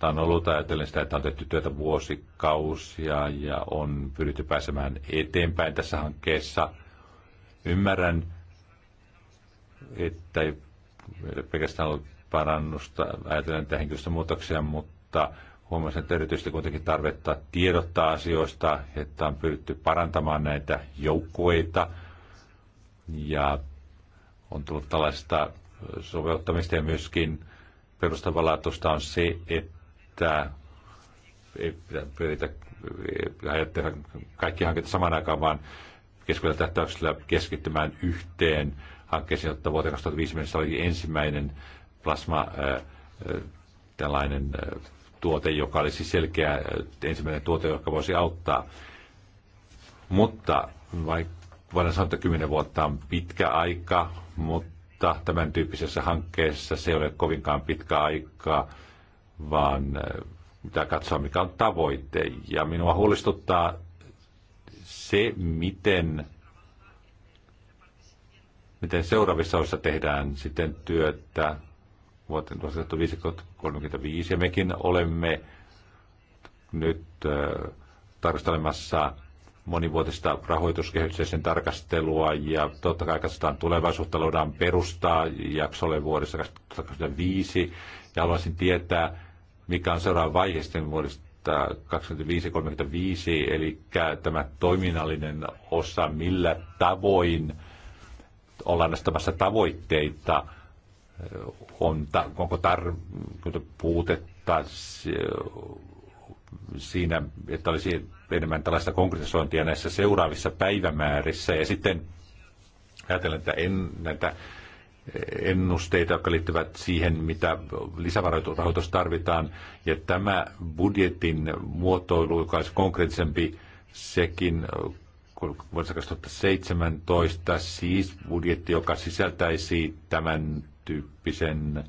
on ollut ajatellen sitä, että on tehty työtä vuosikausia ja on pyritty pääsemään eteenpäin tässä hankkeessa. Ymmärrän, että ei pelkästään ollut parannusta ajatellen tähän muutoksia, mutta huomasin, että erityisesti kuitenkin tarvetta tiedottaa asioista, että on pyritty parantamaan näitä joukkueita ja on tullut tällaista soveltamista ja myöskin perustavanlaatuista on se, että että ei pyritä tehdä kaikki hankkeet samaan aikaan, vaan keskellä tähtäyksellä keskittymään yhteen hankkeeseen, jotta vuoteen 2005 mennessä oli ensimmäinen plasma tällainen tuote, joka olisi selkeä ensimmäinen tuote, joka voisi auttaa. Mutta vaikka voidaan sanoa, että 10 vuotta on pitkä aika, mutta tämän tyyppisessä hankkeessa se ei ole kovinkaan pitkä aikaa vaan mitä eh, katsoa, mikä on tavoite. Ja minua huolestuttaa se, miten, miten seuraavissa osissa tehdään sitten työtä vuoteen 1935, ja mekin olemme nyt äh, tarkastelemassa monivuotista rahoituskehitystä ja sen tarkastelua, ja totta kai katsotaan tulevaisuutta, luodaan perustaa jaksolle vuodessa 2025, ja haluaisin tietää, mikä on seuraava vaihe sitten vuodesta 2025-2035, eli tämä toiminnallinen osa, millä tavoin ollaan nostamassa tavoitteita, on, onko tar- puutetta siinä, että olisi enemmän tällaista konkretisointia näissä seuraavissa päivämäärissä. Ja sitten ajatellen että en, näitä ennusteita, jotka liittyvät siihen, mitä lisävaroitus tarvitaan. Ja tämä budjetin muotoilu, joka olisi konkreettisempi, sekin vuodesta 2017, siis budjetti, joka sisältäisi tämän tyyppisen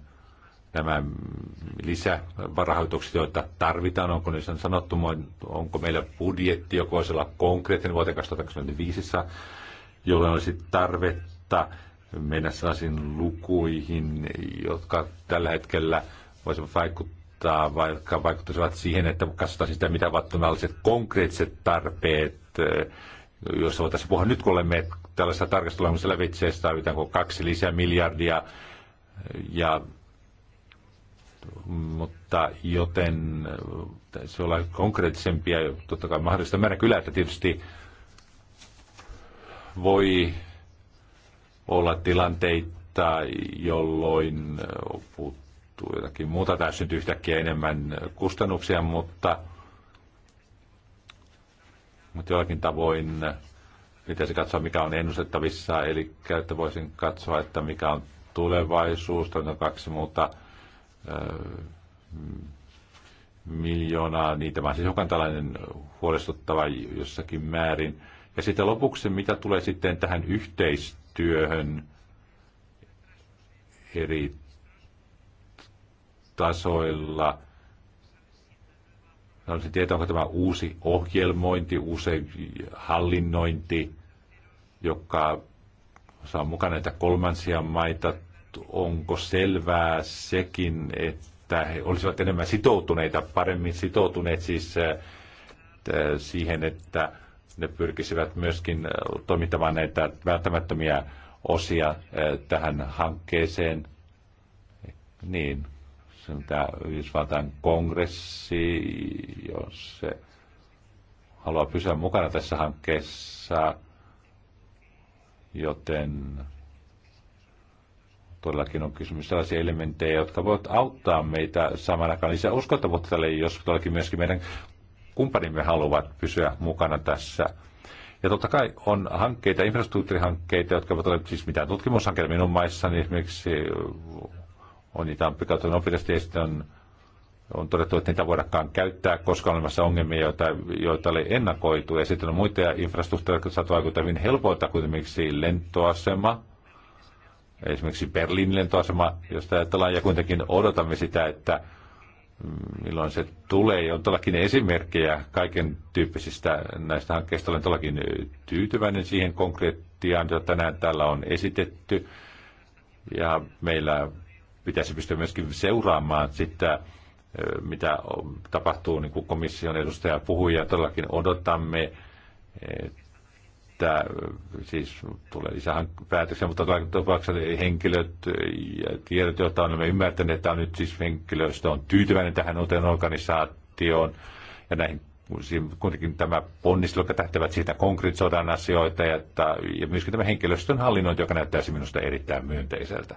nämä lisävarahoitukset, joita tarvitaan, onko niissä on sanottu, onko meillä budjetti, joka voisi olla konkreettinen vuoteen 2025, jolloin olisi tarvetta mennä sellaisiin lukuihin, jotka tällä hetkellä voisivat vaikuttaa, vaikka vaikuttaisivat siihen, että katsotaan sitä, mitä ovat tällaiset konkreettiset tarpeet, eh, joissa voitaisiin puhua nyt, kun olemme tällaisessa tarkastelussa lävitse, tarvitaanko kaksi lisää miljardia, eh, ja, mutta joten eh, se olla konkreettisempia, totta kai mahdollista. Mä kyllä, että tietysti voi olla tilanteita, jolloin puuttuu jotakin muuta tai syntyy yhtäkkiä enemmän kustannuksia, mutta, mutta jollakin tavoin pitäisi katsoa, mikä on ennustettavissa, eli että voisin katsoa, että mikä on tulevaisuus, on kaksi muuta miljoonaa, niin tämä on siis jokan tällainen huolestuttava jossakin määrin. Ja sitten lopuksi, mitä tulee sitten tähän yhteistyöhön, työhön eri tasoilla. Haluaisin tietää, onko tämä uusi ohjelmointi, uusi hallinnointi, joka saa mukana näitä kolmansia maita. Onko selvää sekin, että he olisivat enemmän sitoutuneita, paremmin sitoutuneet siis äh, siihen, että ne pyrkisivät myöskin äh, toimittamaan näitä välttämättömiä osia äh, tähän hankkeeseen. Niin, se tämä Yhdysvaltain kongressi, jos se haluaa pysyä mukana tässä hankkeessa, joten todellakin on kysymys sellaisia elementtejä, jotka voivat auttaa meitä samaan aikaan lisää uskottavuutta tälle, jos todellakin myöskin meidän kumppanimme haluavat pysyä mukana tässä. Ja totta kai on hankkeita, infrastruktuurihankkeita, jotka ovat olleet siis mitään tutkimushankkeita minun maissani. Esimerkiksi on niitä on pikautunut nopeasti ja sitten on, on todettu, että niitä voidaan käyttää, koska on olemassa ongelmia, joita, joita oli ennakoitu. Ja sitten on muita infrastruktuureja, jotka saattavat vaikuttaa hyvin helpoilta, kuin esimerkiksi lentoasema, esimerkiksi Berliinin lentoasema, josta ajatellaan, ja kuitenkin odotamme sitä, että Mm, milloin se tulee. On todellakin esimerkkejä kaiken tyyppisistä näistä hankkeista. Olen todellakin tyytyväinen siihen konkreettiaan, jota tänään täällä on esitetty. Ja meillä pitäisi pystyä myöskin seuraamaan sitä, mitä tapahtuu, niin kuin komission edustaja puhui, ja todellakin odotamme, että siis tulee lisää päätöksiä, mutta tapauksessa henkilöt ja tiedot, joita on ymmärtäneet, että on nyt siis henkilöstö on tyytyväinen tähän uuteen organisaatioon ja näihin kuitenkin tämä ponnistelu, joka tähtävät siitä konkretisoidaan asioita ja, että, ja myöskin tämä henkilöstön hallinnointi, joka näyttäisi minusta erittäin myönteiseltä.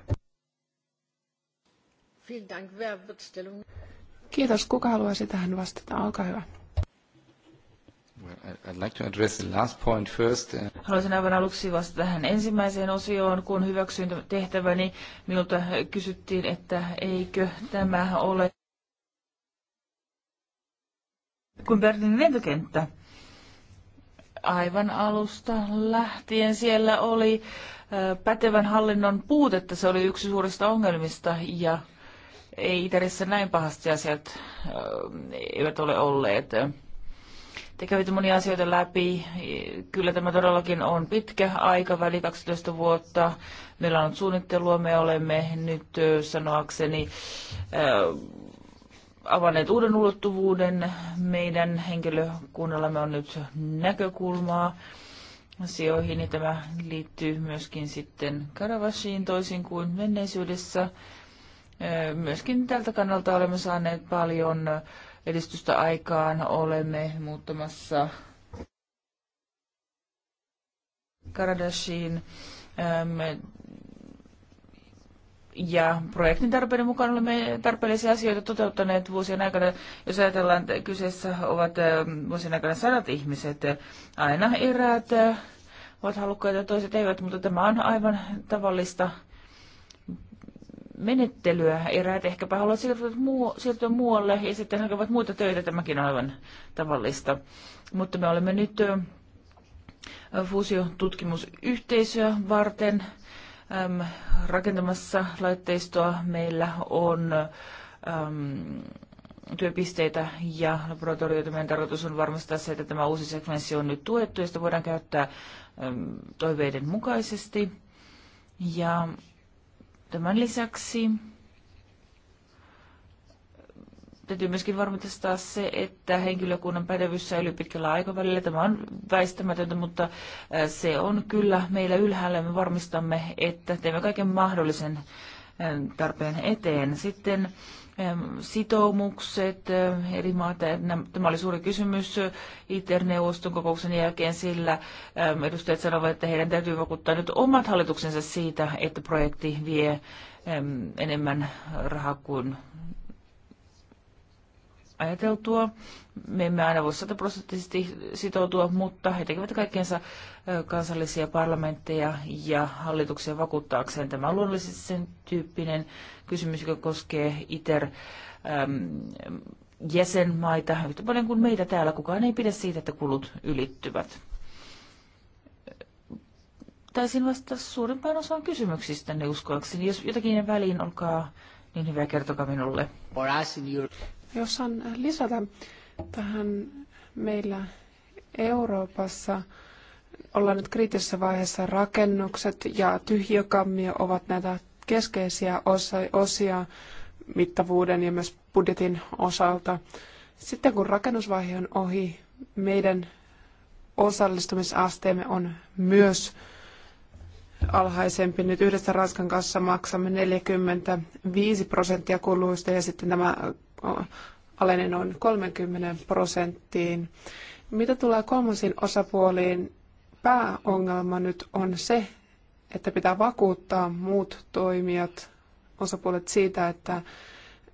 Kiitos. Kuka haluaisi tähän vastata? Olkaa hyvä. Haluaisin aivan aluksi vastata tähän ensimmäiseen osioon, kun hyväksyin tehtäväni. Minulta kysyttiin, että eikö tämä ole kuin Berliinin lentokenttä. Aivan alusta lähtien siellä oli äh, pätevän hallinnon puutetta. Se oli yksi suurista ongelmista ja ei Itärissä näin pahasti asiat äh, eivät ole olleet. Te kävitte monia asioita läpi. Kyllä tämä todellakin on pitkä aikaväli, 12 vuotta. Meillä on suunnittelua, me olemme nyt sanoakseni avanneet uuden ulottuvuuden. Meidän henkilökunnallamme on nyt näkökulmaa asioihin ja tämä liittyy myöskin sitten Karavashiin toisin kuin menneisyydessä. Myöskin tältä kannalta olemme saaneet paljon edistystä aikaan. Olemme muuttamassa Karadashiin ähm, ja projektin tarpeiden mukaan olemme tarpeellisia asioita toteuttaneet vuosien aikana. Jos ajatellaan, että kyseessä ovat ähm, vuosien aikana sadat ihmiset, aina eräät äh, ovat halukkaita, toiset eivät, mutta tämä on aivan tavallista menettelyä. Eräät ehkäpä haluavat siirtyä, muu, siirtyä muualle ja sitten hakevat muita töitä. Tämäkin on aivan tavallista. Mutta me olemme nyt fuusiotutkimusyhteisöä varten äm, rakentamassa laitteistoa. Meillä on äm, työpisteitä ja laboratorioita. Meidän tarkoitus on varmistaa se, että tämä uusi sekvenssi on nyt tuettu ja sitä voidaan käyttää äm, toiveiden mukaisesti. Ja Tämän lisäksi täytyy myöskin varmistaa se, että henkilökunnan pätevyys säilyy pitkällä aikavälillä. Tämä on väistämätöntä, mutta se on kyllä meillä ylhäällä. Me varmistamme, että teemme kaiken mahdollisen tarpeen eteen. Sitten sitoumukset eri maata. Tämä oli suuri kysymys ITER-neuvoston kokouksen jälkeen, sillä edustajat sanovat, että heidän täytyy vakuuttaa nyt omat hallituksensa siitä, että projekti vie enemmän rahaa kuin ajateltua me emme aina voi sataprosenttisesti sitoutua, mutta he tekevät kaikkensa kansallisia parlamentteja ja hallituksia vakuuttaakseen. Tämä on luonnollisesti sen tyyppinen kysymys, joka koskee ITER jäsenmaita yhtä paljon kuin meitä täällä. Kukaan ei pidä siitä, että kulut ylittyvät. Taisin vastata suurimpaan osaan kysymyksistä ne uskoakseni. Jos jotakin väliin, olkaa niin hyvä, kertokaa minulle. Jos saan lisätä, Tähän meillä Euroopassa ollaan nyt kriittisessä vaiheessa rakennukset ja tyhjökammio ovat näitä keskeisiä osia mittavuuden ja myös budjetin osalta. Sitten kun rakennusvaihe on ohi, meidän osallistumisasteemme on myös alhaisempi. Nyt yhdessä Ranskan kanssa maksamme 45 prosenttia kuluista ja sitten tämä alene noin 30 prosenttiin. Mitä tulee kolmansiin osapuoliin, pääongelma nyt on se, että pitää vakuuttaa muut toimijat, osapuolet siitä, että,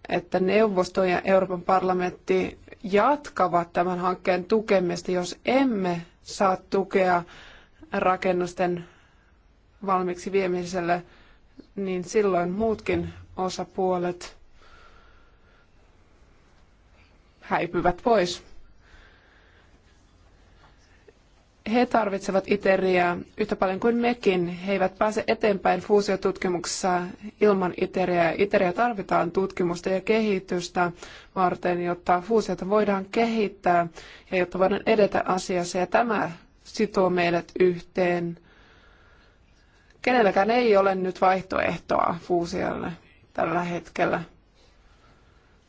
että neuvosto ja Euroopan parlamentti jatkavat tämän hankkeen tukemista, jos emme saa tukea rakennusten valmiiksi viemiselle, niin silloin muutkin osapuolet häipyvät pois. He tarvitsevat iteriaa yhtä paljon kuin mekin. He eivät pääse eteenpäin fuusiotutkimuksessa ilman iteriaa. ITERiä tarvitaan tutkimusta ja kehitystä varten, jotta fuusiota voidaan kehittää ja jotta voidaan edetä asiassa. Ja tämä sitoo meidät yhteen. Kenelläkään ei ole nyt vaihtoehtoa fuusiolle tällä hetkellä.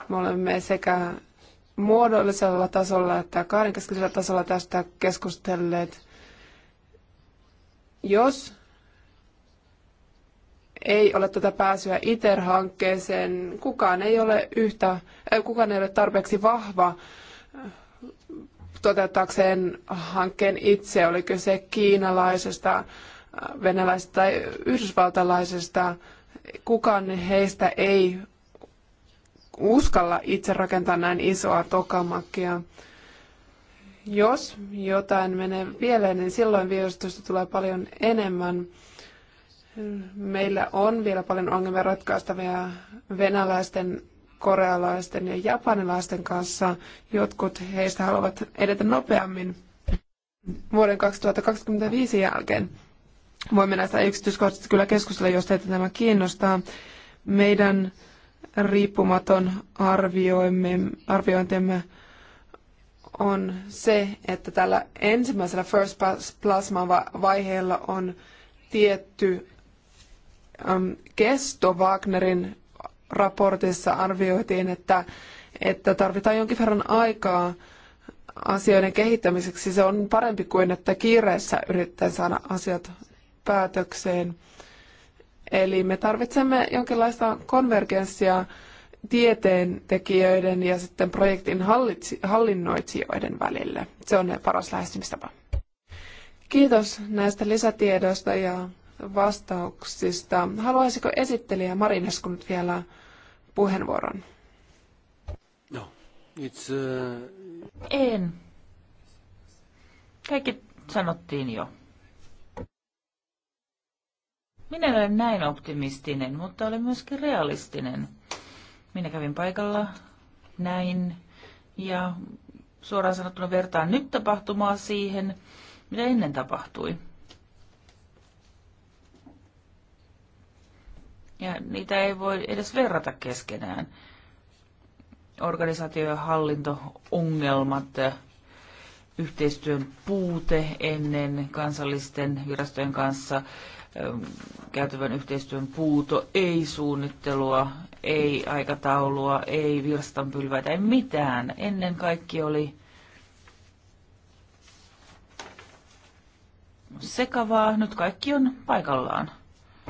Me olemme sekä muodollisella tasolla että kahdenkeskisellä tasolla tästä keskustelleet. Jos ei ole tätä pääsyä ITER-hankkeeseen, kukaan ei ole, yhtä, äh, kukaan ei ole tarpeeksi vahva äh, toteuttaakseen hankkeen itse, oli kyse kiinalaisesta, äh, venäläisestä tai yhdysvaltalaisesta, kukaan heistä ei uskalla itse rakentaa näin isoa tokamakkia. Jos jotain menee pieleen, niin silloin viivästystä tulee paljon enemmän. Meillä on vielä paljon ongelmia ratkaistavia venäläisten, korealaisten ja japanilaisten kanssa. Jotkut heistä haluavat edetä nopeammin vuoden 2025 jälkeen. Voimme näistä yksityiskohdista kyllä keskustella, jos teitä tämä kiinnostaa. Meidän riippumaton arviointimme on se, että tällä ensimmäisellä First Plasma-vaiheella on tietty kesto. Wagnerin raportissa arvioitiin, että, että tarvitaan jonkin verran aikaa asioiden kehittämiseksi. Se on parempi kuin, että kiireessä yritetään saada asiat päätökseen. Eli me tarvitsemme jonkinlaista konvergenssia tekijöiden ja sitten projektin hallinnoitsijoiden välille. Se on paras lähestymistapa. Kiitos näistä lisätiedoista ja vastauksista. Haluaisiko esittelijä Marinesku nyt vielä puheenvuoron? No, it's, uh... En. Kaikki sanottiin jo. Minä olen näin optimistinen, mutta olen myöskin realistinen. Minä kävin paikalla näin ja suoraan sanottuna vertaan nyt tapahtumaa siihen, mitä ennen tapahtui. Ja niitä ei voi edes verrata keskenään. Organisaatio- ja hallinto-ongelmat, yhteistyön puute ennen kansallisten virastojen kanssa, käytävän yhteistyön puuto, ei suunnittelua, ei aikataulua, ei virstanpylväitä, ei mitään. Ennen kaikki oli sekavaa, nyt kaikki on paikallaan.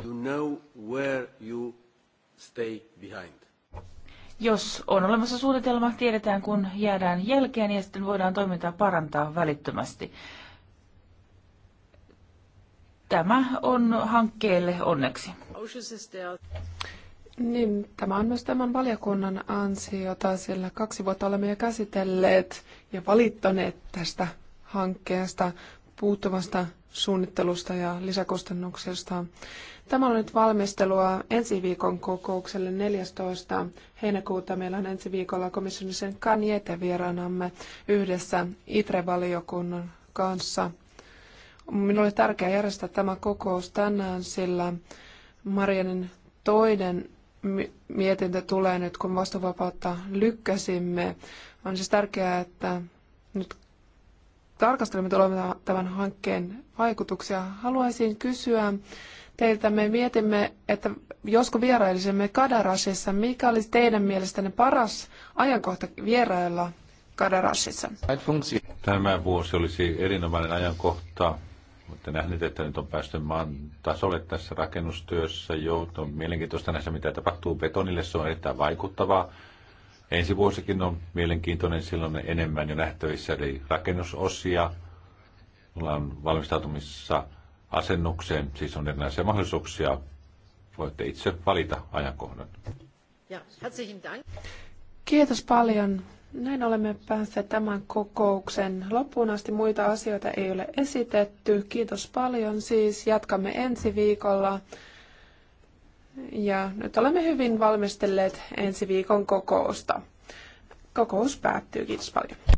You know where you stay behind. Jos on olemassa suunnitelma, tiedetään kun jäädään jälkeen ja sitten voidaan toimintaa parantaa välittömästi tämä on hankkeelle onneksi. Niin, tämä on myös tämän valiokunnan ansiota, sillä kaksi vuotta olemme jo käsitelleet ja valittaneet tästä hankkeesta puuttuvasta suunnittelusta ja lisäkustannuksesta. Tämä on nyt valmistelua ensi viikon kokoukselle 14. heinäkuuta. Meillä on ensi viikolla komissionisen Kanjete vieraanamme yhdessä ITRE-valiokunnan kanssa. Minulle tärkeää järjestää tämä kokous tänään, sillä Marianin toinen mietintö tulee nyt, kun vastuvapautta lykkäsimme. On siis tärkeää, että nyt tarkastelemme tämän hankkeen vaikutuksia. Haluaisin kysyä teiltä, me mietimme, että josko vierailisimme Kadarashissa, mikä olisi teidän mielestänne paras ajankohta vierailla Kadarashissa? Tämä vuosi olisi erinomainen ajankohta mutta nähneet, että nyt on päästy maan tasolle tässä rakennustyössä. Jo, on mielenkiintoista nähdä, mitä tapahtuu betonille. Se on erittäin vaikuttavaa. Ensi vuosikin on mielenkiintoinen, silloin enemmän jo nähtävissä, eli rakennusosia. Ollaan valmistautumissa asennukseen, siis on erilaisia mahdollisuuksia. Voitte itse valita ajankohdan. Kiitos paljon. Näin olemme päässeet tämän kokouksen loppuun asti. Muita asioita ei ole esitetty. Kiitos paljon siis. Jatkamme ensi viikolla. Ja nyt olemme hyvin valmistelleet ensi viikon kokousta. Kokous päättyy. Kiitos paljon.